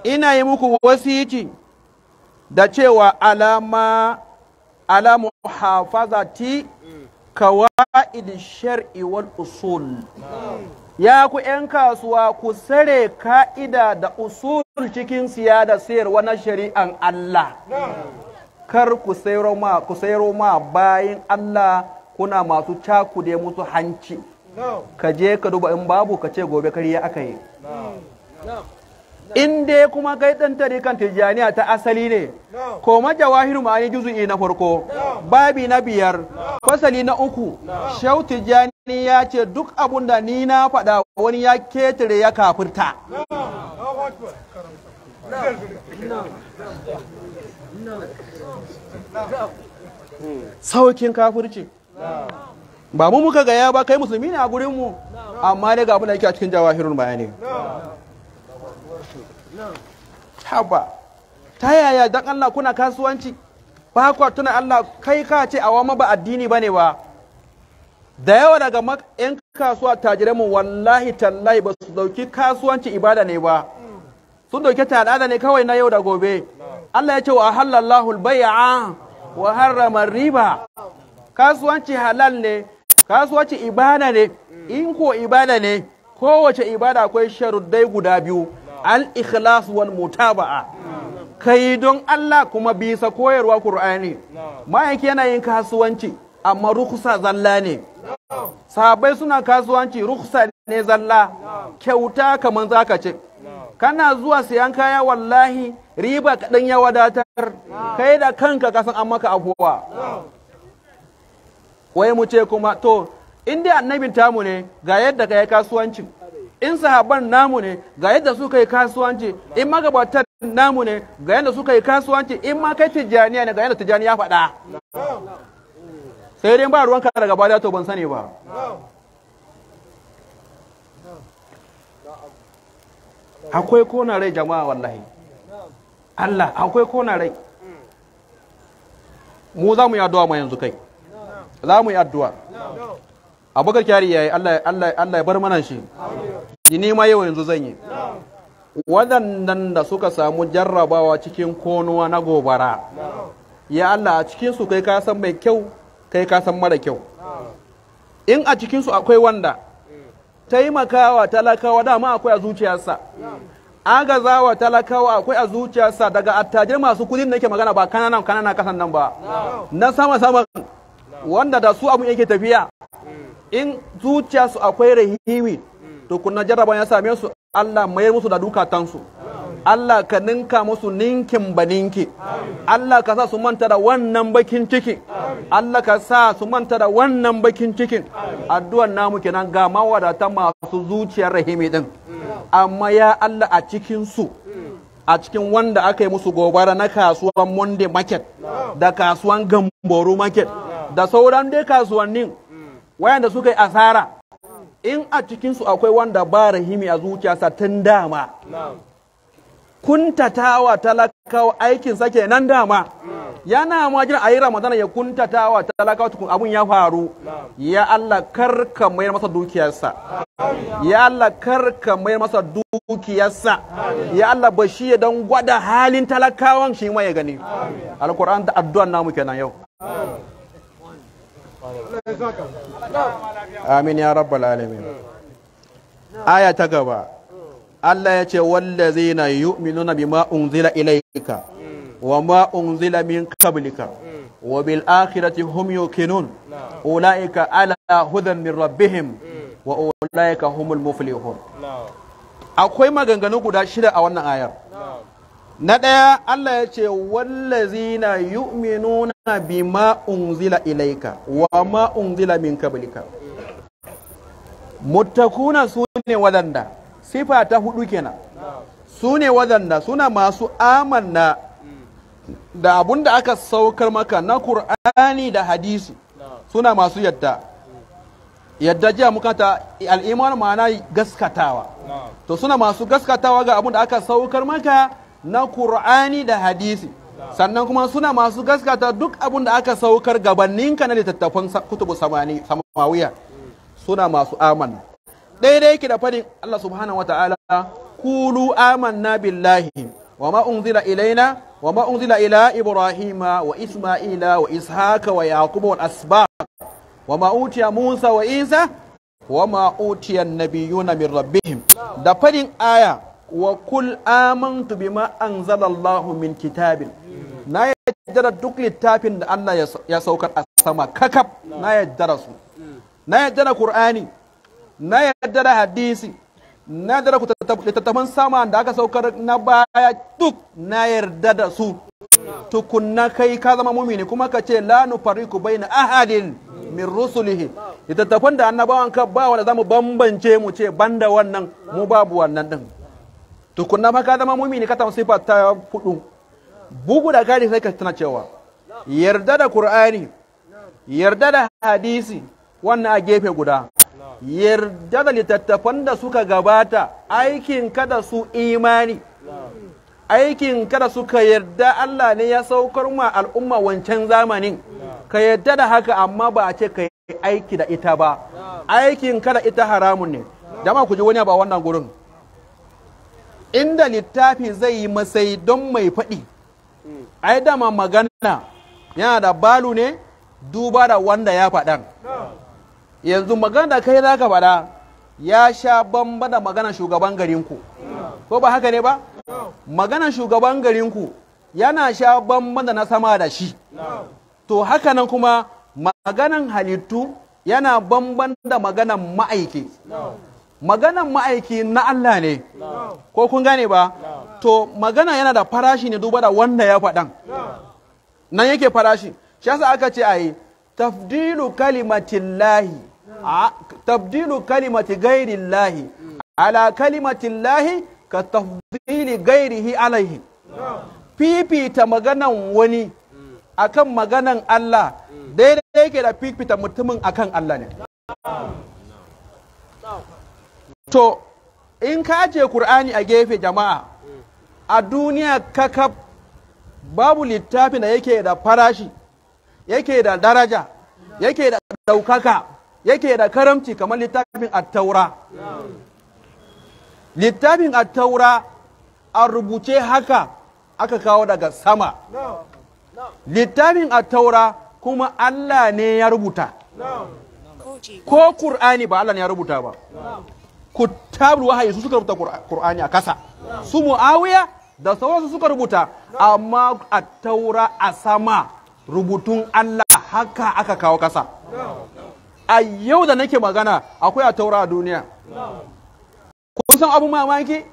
ina yi muku wasiki da cewa alama alamu hafazati kawa'id shar'i wal usul ya ku 'yan kasuwa ku sare ka'ida da usul cikin siya da sayarwa na shari'an Allah kar ku sayar ma bayan Allah kuna masu cakude musu hanci ka je ka duba in babu ka ce gobe kariya aka yi in dai kuma kai ɗan kan tijjaniya ta asali ne koma jawahiru ma'ani juzu'i na farko babi na biyar fasali na uku shau tijjani ce duk abun da ni na faɗa wani ya ketare ya kafirta saukin kafirci ba mu muka gaya ba kai musulmi ne a gurinmu amma dai ga abin da yake a cikin jawahirun bayani haba ta yaya don Allah kuna kasuwanci ba kwa tuna Allah kai ka ce a wama ba addini ba ne ba da yawa daga yan kasuwa tajirai mu wallahi tallahi ba su dauki kasuwanci ibada ne ba sun dauki ta ne kawai na yau da gobe Allah ya ce wa halallahu al-bai'a wa harrama riba kasuwanci halal ne kasuwanci ibada ne in ko ibada ne kowace ibada akwai sharuddai guda biyu al-ikhlas wal mutaba'a kai don Allah kuma bisa koyarwa Qur'ani ma'aiki yana yin kasuwanci amma rukusa zalla ne sahabbai suna kasuwanci rukusa ne zalla kyauta kamar zaka ce kana zuwa sayan kaya wallahi riba kaɗan ya wadatar kai da kanka kasan an maka abuwa wai mu ce kuma to in dai annabin tamu ne ga yadda ka yi kasuwanci in sahaban namu ne ga yadda suka yi kasuwanci in magabatar namu ne ga yadda suka yi kasuwanci in ma kai tijjaniya ne ga yadda tijjani ya faɗa sai dai ba ruwanka daga baya to ban sani ba akwai kona rai jama'a wallahi Allah akwai kona rai mu za mu yi addu'a ma yanzu kai za mu yi addu'a abokan kyari yayi Allah Allah Allah ya bar mana shi ni ma yau yanzu zan yi waɗannan da suka samu jarrabawa cikin konuwa na gobara ya Allah a cikinsu kai ka san mai kyau kai ka san mara kyau in a cikinsu akwai wanda taimakawa talakawa dama akwai a zuciyarsa agazawa talakawa akwai a zuciyarsa daga attajir masu kudin da yake magana ba kananan kananan kasan nan ba na sama sama wanda da su abun yake tafiya in zuciyarsu akwai rahimi, to kunna jarraba ya same su Allah mayar musu da dukatansu Allah ka ninka musu ninkin ba ninki Allah ka sa su manta da wannan bakin ciki Allah ka sa su manta da wannan bakin cikin addu'ar namu kenan ga mawadata masu zuciyar rahimi din amma ya Allah a cikin su a cikin wanda aka yi musu gobara na kasuwan Monday market da kasuwan Gamboru market da sauran dai kasuwannin wayanda suka yi asara in a cikinsu akwai wanda ba rahimi a zuciyarsa tun dama kuntatawa talakawa aikin sake kenan dama yana ma jira yi ramadana ya kuntatawa talakawa tukun abun ya faru ya Allah karka mayar masa dukiyarsa ya Allah karka mayar masa dukiyarsa ya Allah bashi ya dan gwada halin talakawan shi ma ya gani alquran da addu'an namu kenan yau amin ya rabbal alamin aya ta gaba Allah ya ce wallazi mm. mm. mm. wallazina yu'minuna bima unzila ilayka wa ma unzila min qablika wa bil akhirati hum yuqinun ulaika ala hudan min rabbihim wa ulaika humul muflihun akwai maganganu guda shida a wannan ayar na ɗaya Allah ya ce wallazi wallazina yu'minuna bima unzila ilaika wa ma unzila min qablika muttaquna sune wadanda sifa ta hudu kenan su ne wadanda suna masu amanna da abun da aka saukar maka na Kur'ani da hadisi suna masu yadda yadda jiya muka ta al'imar ma'ana gaskatawa to suna masu gaskatawa ga abun da aka saukar maka na Kur'ani da hadisi sannan kuma suna masu gaskata duk abun da aka saukar gabanninka na littattafan kutubu samawiya suna masu amanna daidai yake da fadin Allah subhanahu wataala kulu amanna billahi wa ma unzila ilaina wa ma unzila ila ibrahima wa isma'ila wa ishaqa wa yaquba wal asbaq wa ma utiya musa wa isa wa ma utiya nabiyuna min rabbihim da fadin aya wa kul amantu bima anzala Allahu min kitabin na yadda da duk littafin da Allah ya saukar a sama kakab na yadda da su na Qur'ani na yadda da hadisi na yadda da littattafan sama da aka saukar na baya duk na yarda da su tukunna kai ka zama mumini kuma ka ce la nufariku na ahadin min rusulihi littattafan da annabawan ka ba wanda zamu bambance mu ce banda wannan mu babu wannan din tukunna ma ka zama mumini ka sifa ta hudu bugu da kari sai ka tana cewa yarda da qur'ani yarda da hadisi wannan a gefe guda yarda da littattafan da suka gabata aikin kada su imani aikin kada suka yarda Allah ne ya saukar ma al'umma wancan zamanin ka yarda da haka amma ba a ce ka yi aiki da ita ba aikin kada ita haramun ne dama ku ji wani ba wannan gurin inda littafi zai yi masai don mai faɗi ai dama magana yana da balu ne duba da wanda ya faɗan yanzu magana da kai za ka faɗa ya sha bamba da magana shugaban garinku ko ba haka ne ba maganan shugaban garinku yana sha bamba da na sama da shi to haka nan kuma maganan halittu yana bamban da maganan ma'aiki maganan ma'aiki na Allah ne ko kun gane ba to magana yana da farashi ne duba da wanda ya faɗan nan yake farashi shi aka ce a yi tafdilu kalimatillahi tabdilu kalimati gairi lahi ala kalimatin lahi ka tafdili gairihi alaihi fifita maganan wani akan maganan Allah daidai yake da fifita mutumin akan Allah ne to in ka je Kur'ani a gefe jama'a a duniya kakaf babu littafi da yake da farashi yake da daraja yake da daukaka yake da karamci kamar littafin attaura littafin attaura a rubuce haka aka kawo daga sama littafin attaura kuma Allah ne ya rubuta ko Kur'ani ba Allah ne ya rubuta ba kutabul wahayi su suka rubuta Kur'ani a kasa su mu'awiya da sauransu suka rubuta amma attaura a sama rubutun Allah haka aka kawo kasa a yau da nake magana akwai a taura a duniya kun san abu mamaki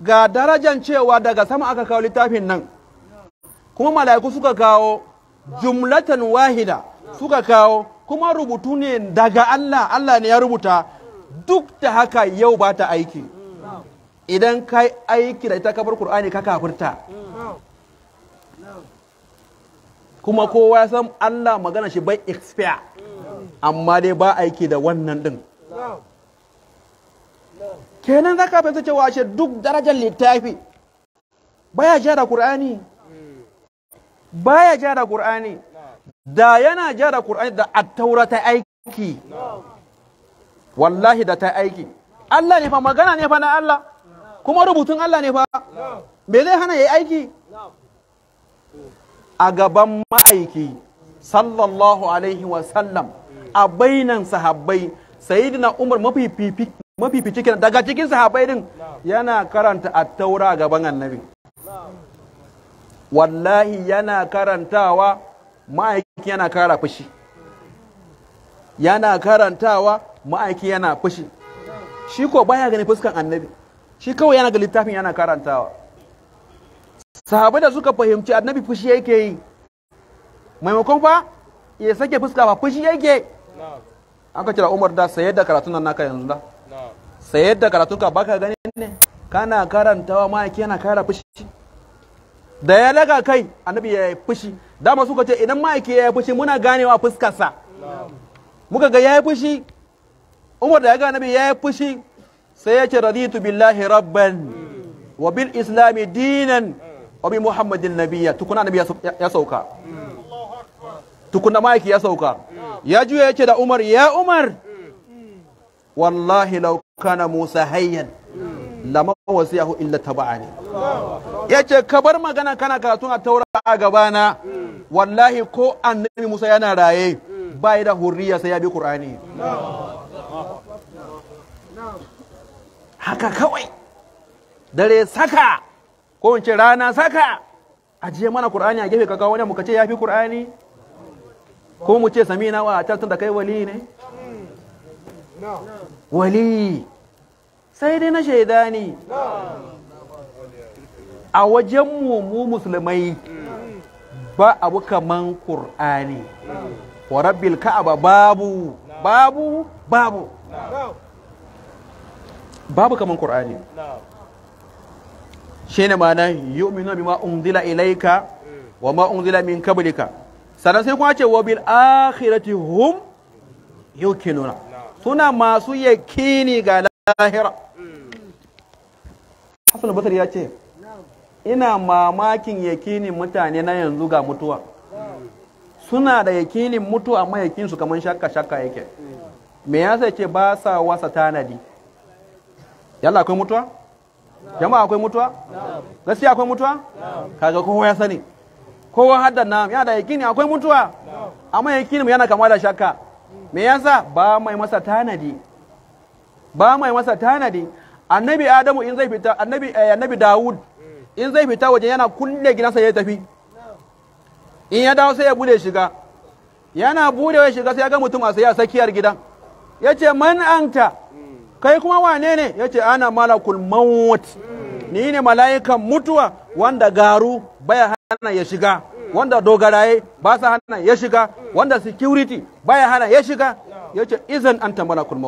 ga darajan cewa daga sama aka kawo littafin nan kuma mala'iku suka kawo jumlatan wahida suka kawo kuma rubutu ne daga Allah Allah ne ya rubuta duk da haka yau ba ta aiki idan kai aiki da ita kafar Kur'ani ka kafirta kuma kowa ya san Allah magana shi bai expire amma dai ba aiki da wannan din kenan za ka fahimta cewa ashe duk darajar littafi baya jara Kur'ani. baya jara Kur'ani. da yana jara Kur'ani da attaura ta aiki wallahi da ta aiki Allah ne fa magana ne fa na Allah kuma rubutun Allah ne fa me zai hana yi aiki a gaban ma'aiki sallallahu alaihi wa sallam a bainan sahabbai sayyidina Umar mafi fi cikin daga cikin sahabbai din yana karanta a taura gaban annabi wallahi yana karantawa ma'aiki yana kara fushi yana karantawa ma'aiki yana fushi shi ko baya gani fuskan annabi shi kawai yana ga littafin yana karantawa sahabai da suka fahimci annabi fushi yake yi maimakon fa ya sake fuska ba fushi yake an ka kira umar da sayar da karatun nan naka yanzu da sayar da karatun ka baka gani ne kana karantawa ma yake yana kara fushi da ya daga kai annabi ya yi fushi dama suka ce idan ma yake ya yi fushi muna ganewa fuskarsa muka ga ya yi fushi umar da ya ga annabi ya yi fushi sai ya ce raditu billahi rabban wa bil islami dinan wa bi muhammadin nabiyya tukuna annabi ya sauka tukunna ma'aiki ya sauka ya juya yake da Umar ya Umar wallahi law kana Musa hayyan lama yahu illa taba'ani yace ka bar magana kana karatun a taura a gabana wallahi ko annabi Musa yana raye bai da hurriya sai ya bi Qur'ani haka kawai dare saka ko in ce rana saka ajiye mana Qur'ani a gefe kaga wani muka ce ya fi Qur'ani ko mu ce samina wa tantan da kai wali ne wali sai dai na shaida ne a wajenmu mu musulmai ba abu kaman ƙur'ani wa rabbil ka'aba babu babu babu babu kaman ƙur'ani shi ne nan yi bi ma'un zila ilaika wa ma zila min kabilika. sannan sai kuma ce wa bil akhirati hum yuqinuna suna masu yakini ga lahira Hassan Basir ya ce ina mamakin yakinin mutane na yanzu ga mutuwa suna da yakinin mutuwa amma yakin su kaman shakka shakka yake me yasa ce ba sa wasa tanadi yalla akwai mutuwa jama'a akwai mutuwa gaskiya akwai mutuwa kaga kowa ya sani kowa hada na yana da yakini akwai mutuwa amma yakini mu yana kama da shakka me yasa ba mai masa tanadi ba mai masa tanadi annabi adamu in zai fita annabi eh, annabi daud in zai fita waje yana kulle gidansa ya tafi in ya dawo sai ya bude shiga yana bude ya shiga sai ya ga mutum a sai a tsakiyar gidan yace ce man anta kai kuma wane ne ya ana malakul maut ni ne mala'ikan mutuwa wanda garu baya hana ya shiga wanda dogaraye ba su hana ya shiga wanda security ya hana ya shiga Ya yace izan anta malakul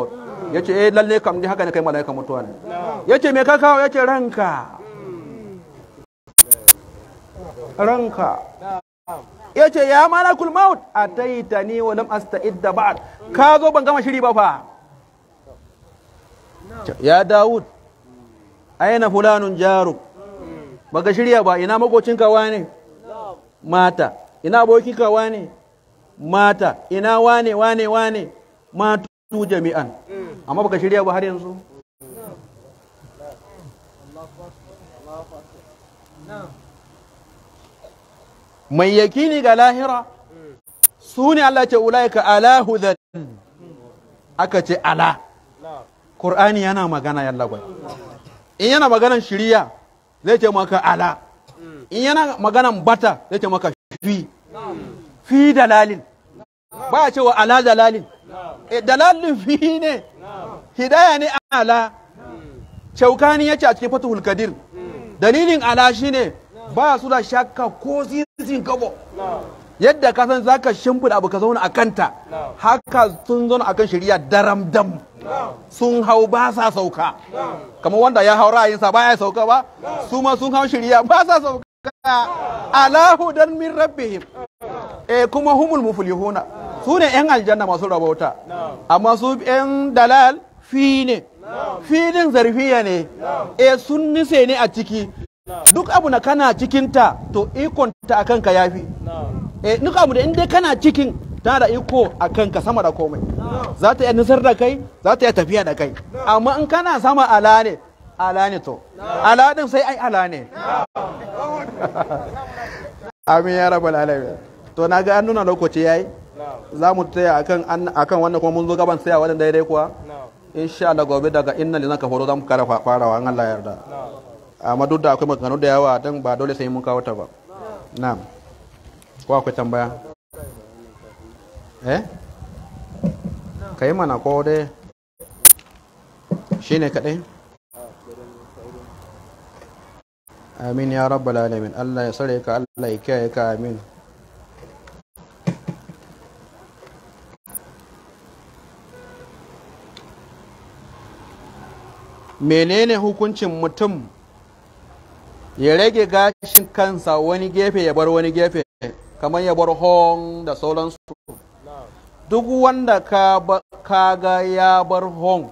ya ce eh lalle kam ni haka ne kai mala'ikan mutuwa ne Ya ce, me ka kawo ce, ranka ranka ce, ya malakul maut ni wa lam idda ba ka zo ban gama shiri ba fa ya Dawud, aina fulanun jaruk baka shirya ba ina makocin kawa ne mata ina abokin kawa ne mata ina wane wane wane matu jami'an amma baka shirya ba har yanzu mai yakini ga lahira su ne Allah ce ulaika ala hudan aka ce ala Kur'ani yana magana yalla gwai in yana maganan shiriya zai ce maka ala in yana maganan bata zai ce maka fi fi dalalin ba ya wa ala dalalin e dalalin fi ne hidaya ne ala shaukani ya ce a cikin fatuhul kadir hmm. dalilin ala shine ba su da shakka ko zizin gabo yadda ka san zaka shimfida abu ka zauna a kanta haka sun zauna akan shari'a daram dam sun hau ba sa sauka kamar wanda ya hau ra'ayinsa sa baya sauka ba su ma sun hau shari'a ba sa sauka Alahu dan min rabbihim eh kuma humul muflihuna su ne yan aljanna masu rabauta amma su yan dalal fi ne filin zarfiya ne eh sun nise ne a ciki duk abu na kana cikinta to ikonta a kanka ya fi. eh duk abu da in dai kana cikin tana da iko a kanka sama da komai za ta iya nisar da kai za ta iya tafiya da kai amma in kana sama ala ne ala ne to ala din sai ai ala ne amin ya rabbal alamin to na ga an nuna lokaci yayi za mu taya akan akan wannan kuma mun zo gaban tsaya wannan daidai kuwa insha Allah gobe daga inna lillahi kafaro zamu kara farawa an Allah yarda amma duk da akwai maganganu da yawa dan ba dole sai mun kawo ta ba na'am ko akwai tambaya eh ka yi mana ko dai shi ne kaɗai amin ya rabba lalamin allah ya tsare ka allah ya kiyaye ka amin menene hukuncin mutum ya rage gashin kansa wani gefe ya bar wani gefe kamar ya bar hong da sauransu duk wanda ka ga ya bar hong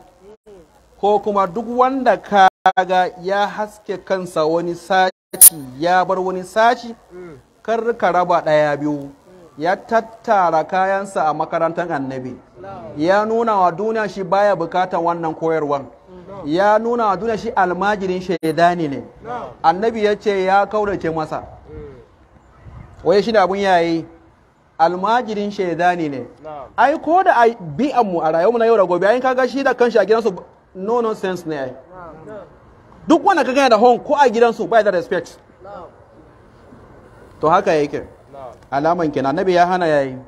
ko kuma duk wanda ka ga ya haske kansa wani sashi ya bar wani sashi kar ka raba ɗaya biyu ya tattara kayansa a makarantar annabi ya nuna wa duniya shi baya bukatan wannan koyarwan ya nuna wa duniya shi almajirin shaidani ne annabi ya ce ya kaurace masa waye shi da abun yayi almajirin shaidani ne ai ko da ai bi'an mu a rayuwar na yau da gobe ai kaga shi da kanshi a gidansu no nonsense ne ai duk wanda ka gaya da hon ko a gidansu bai da respect to haka yake alaman kenan nabi ya hana yayi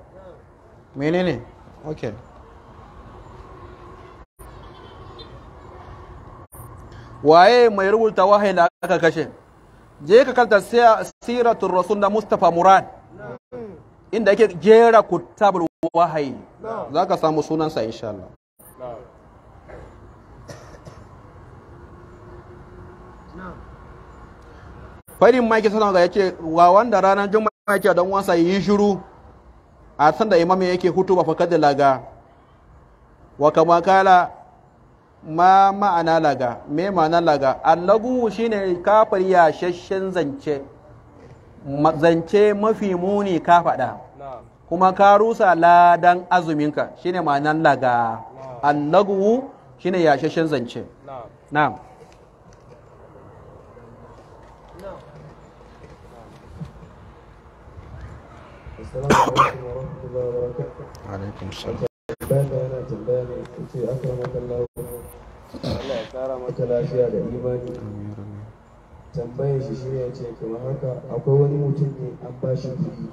menene okay waye mai rubuta wahayi da aka kashe je ka kanta siratul rasul na Mustapha Murad inda yake jera kutabul wahayi za ka samu sunansa insha Allah farin maki sanar ga yake wa wanda ranar juma'a yake don wasa yi shiru a sanda imam yake hutu ba da laga wa kama kala ma ma'ana laga me ma'ana laga allagu shine kafar yashashen zance zance mafi muni ka faɗa kuma ka rusa ladan azuminka shine ma'ana laga allagu shine yashashen zance na'am Assalamu alaikum wa rahmatullahi wa barakatuh. Alaikum salam. Bayan da yana tambaya ne, ce aka maka Allah Allah ya kara maka lafiya da imani tambayar shi shi ne ce kamar haka akwai wani mutum ne an ba shi kuɗi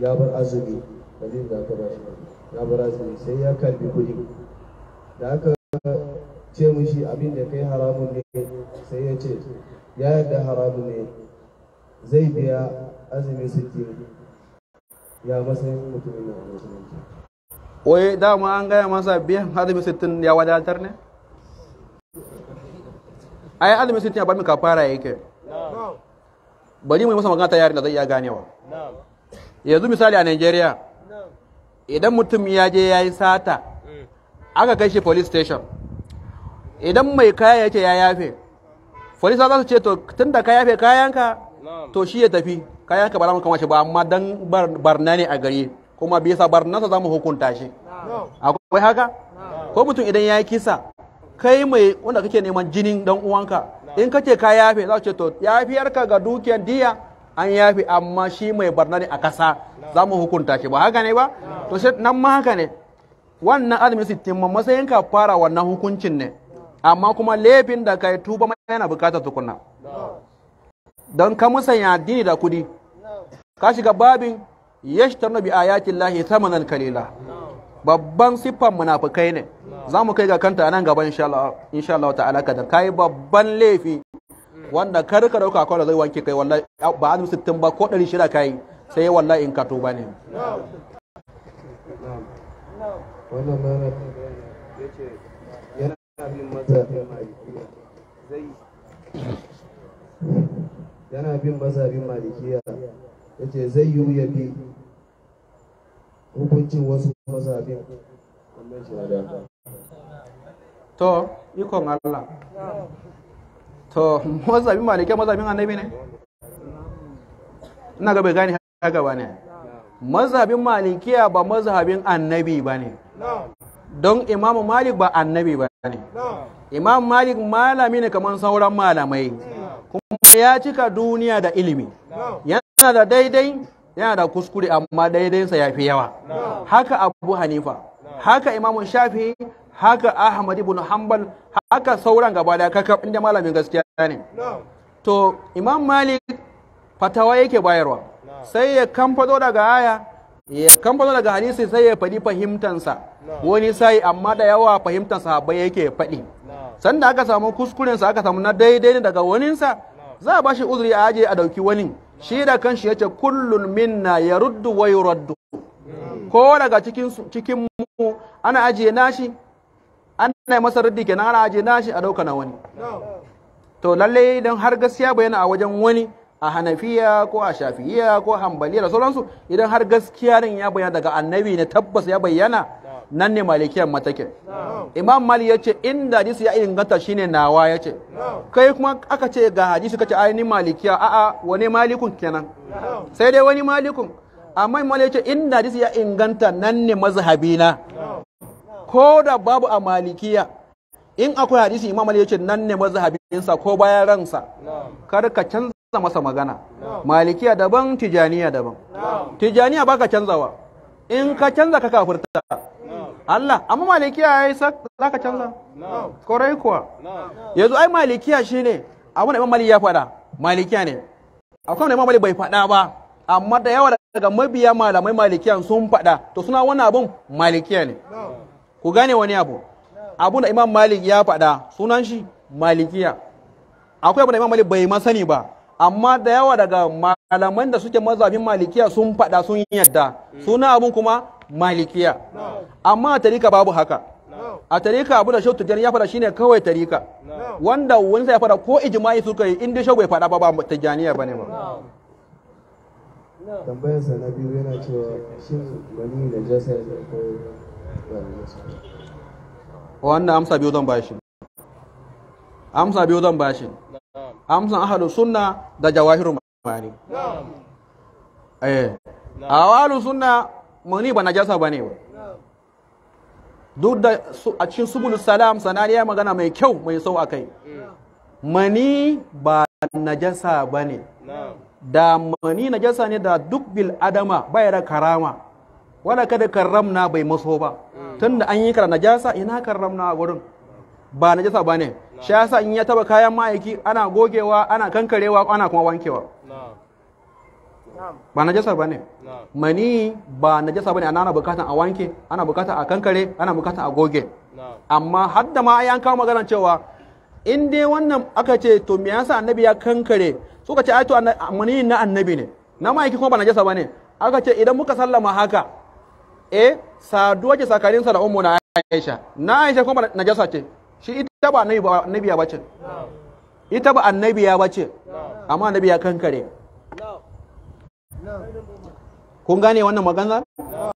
ya bar azumi ba zai za ka ba shi ya bar azumi sai ya kalbi kuɗi da aka ce mishi abin da kai haramun ne sai ya ce ya yadda haramun ne zai biya azumi sittin ya matsayin mutumin na musulunci wai dama an gaya masa biyan azumi sittin ya wadatar ne ai azumin sittin abin kafara yake bari mu yi masa magana ta yari da zai iya ganewa yanzu misali a Najeriya idan mutum ya je ya yi sata aka kai shi police station idan mai kaya ya ce ya yafe police za su ce to tun da ka yafe kayanka to shi ya tafi kayanka ba za mu kama shi ba amma dan barna ne a gari kuma bisa barnansa za mu hukunta shi akwai haka ko mutum idan ya yi kisa kai mai wanda kake neman jinin dan uwanka in kake ka yafe za ce to yafiyarka ga dukiyar diya an yafe amma shi mai barna ne a kasa za mu hukunta shi ba haka ne ba to sai nan ma haka ne wannan azumi sittin ma matsayin ka fara wannan hukuncin ne amma kuma laifin da kai tuba mai yana bukatar tukunna don ka musanya dini da kudi ka shiga babin yashtarnu bi yakin lahi thamanan kalila babban siffan munafukai ne za mu kai ga kanta nan gaba insha Allah ta alaka da kai babban laifi wanda kar ka dauka kawai zai wanke kai wallahi ba azu sittin ba ko ɗari shida kai sai wallahi in ka tuba ne wannan mana yace yana bin mazhabin malikiya zai yana bin malikiya yace zai yi ya bi hukuncin wasu mazabin to ikon Allah to mazabin malike mazabin annabi ne ina ga bai gane haka ba ne mazhabin malikiya ba mazhabin annabi ba ne don imamu malik ba annabi ba ne imam malik malami ne kamar sauran malamai kuma ya cika duniya da ilimi yana da daidai yana da kuskure amma daidainsa ya fi yawa haka abu hanifa haka imamun shafi haka ahmad ibn hanbal haka sauran gaba da kaka inda malamin gaskiya ne to imam malik fatawa yake bayarwa sai ya kamfado daga aya ya kamfado daga hadisi sai ya faɗi fahimtansa wani sai amma da yawa fahimtansa haɓe yake faɗi sanda aka samu kuskurensa aka samu na daidai daga waninsa za a bashi uzuri a ajiye a dauki wani shi da kanshi yace kullun minna yaruddu wa yuraddu ko daga cikin cikin mu ana ajiye nashi ana masa ruddi kenan ana ajiye nashi a dauka na wani to lalle idan har gaskiya bayana a wajen wani a hanafiya ko a shafiya ko hambaliya da sauransu idan har gaskiya din ya bayyana daga annabi ne tabbas ya bayyana nan ne malikiyar matake imam mali ya ce inda hadisi ya inganta shine nawa ya ce kai kuma aka ce ga hadisi kace ai ni malikiya a'a wani malikun kenan sai dai wani malikun amma imam ya ce inda hadisi ya inganta nan ne mazhabi na ko da babu a malikiya in akwai hadisi imam mali ya ce nan ne mazhabinsa ko bayan ransa kar ka canza canza masa magana malikiya daban tijaniya daban tijaniya baka canzawa in ka canza ka kafirta Allah amma malikiya yayi za ka canza korai kuwa yanzu ai malikiya shine abin da Imam Malik ya faɗa malikiya ne akwai da Imam Malik bai faɗa ba amma da yawa daga mabiya malamai malikiyan sun faɗa to suna wani abun malikiya ne ku gane wani abu abun da Imam Malik ya faɗa sunan shi malikiya akwai abin da Imam Malik bai masani ba amma da yawa daga malaman da suke mazhabin malikiya sun faɗa sun yadda suna abun kuma malikiya amma a tarika babu haka a tarika abu da shautu jan ya faɗa shine kawai tarika wanda wani ya faɗa ko ijma'i suka yi inda shau bai faɗa ba ba tijaniya bane ba tambayar sa na biyu yana cewa shin wani da jasa ya ko wannan amsa biyu zan bashi amsa biyu zan bashi amsan ahlus sunna da jawahirul ma'ani eh awalu sunna muni ba najasa bane ba duk da a cikin subulus salam sanariya magana mai kyau mai sau akai mani ba najasa bane da mani najasa ne da duk bil adama bai da karama wala kada karramna bai maso ba tunda an yi kara najasa ina karramna a gurin ba najasa bane shi sa in ya taba kayan ma'aiki ana gogewa ana kankarewa ana kuma wankewa ba najasa ba ne mani ba najasa ba ne ana bukata a wanke ana bukata a kankare ana bukata a goge amma har da ma ya kawo magana cewa in dai wannan aka ce to me yasa annabi ya kankare suka ce ai to mani na annabi ne na ma'aiki kuma ba najasa ba ne aka ce idan muka sallama haka eh saduwa ke tsakaninsa da ummu na Aisha na Aisha kuma na jasa ce shi ita ba annabiya bace ita ba annabiya bace amma annabiya kankare kun gane wannan maganar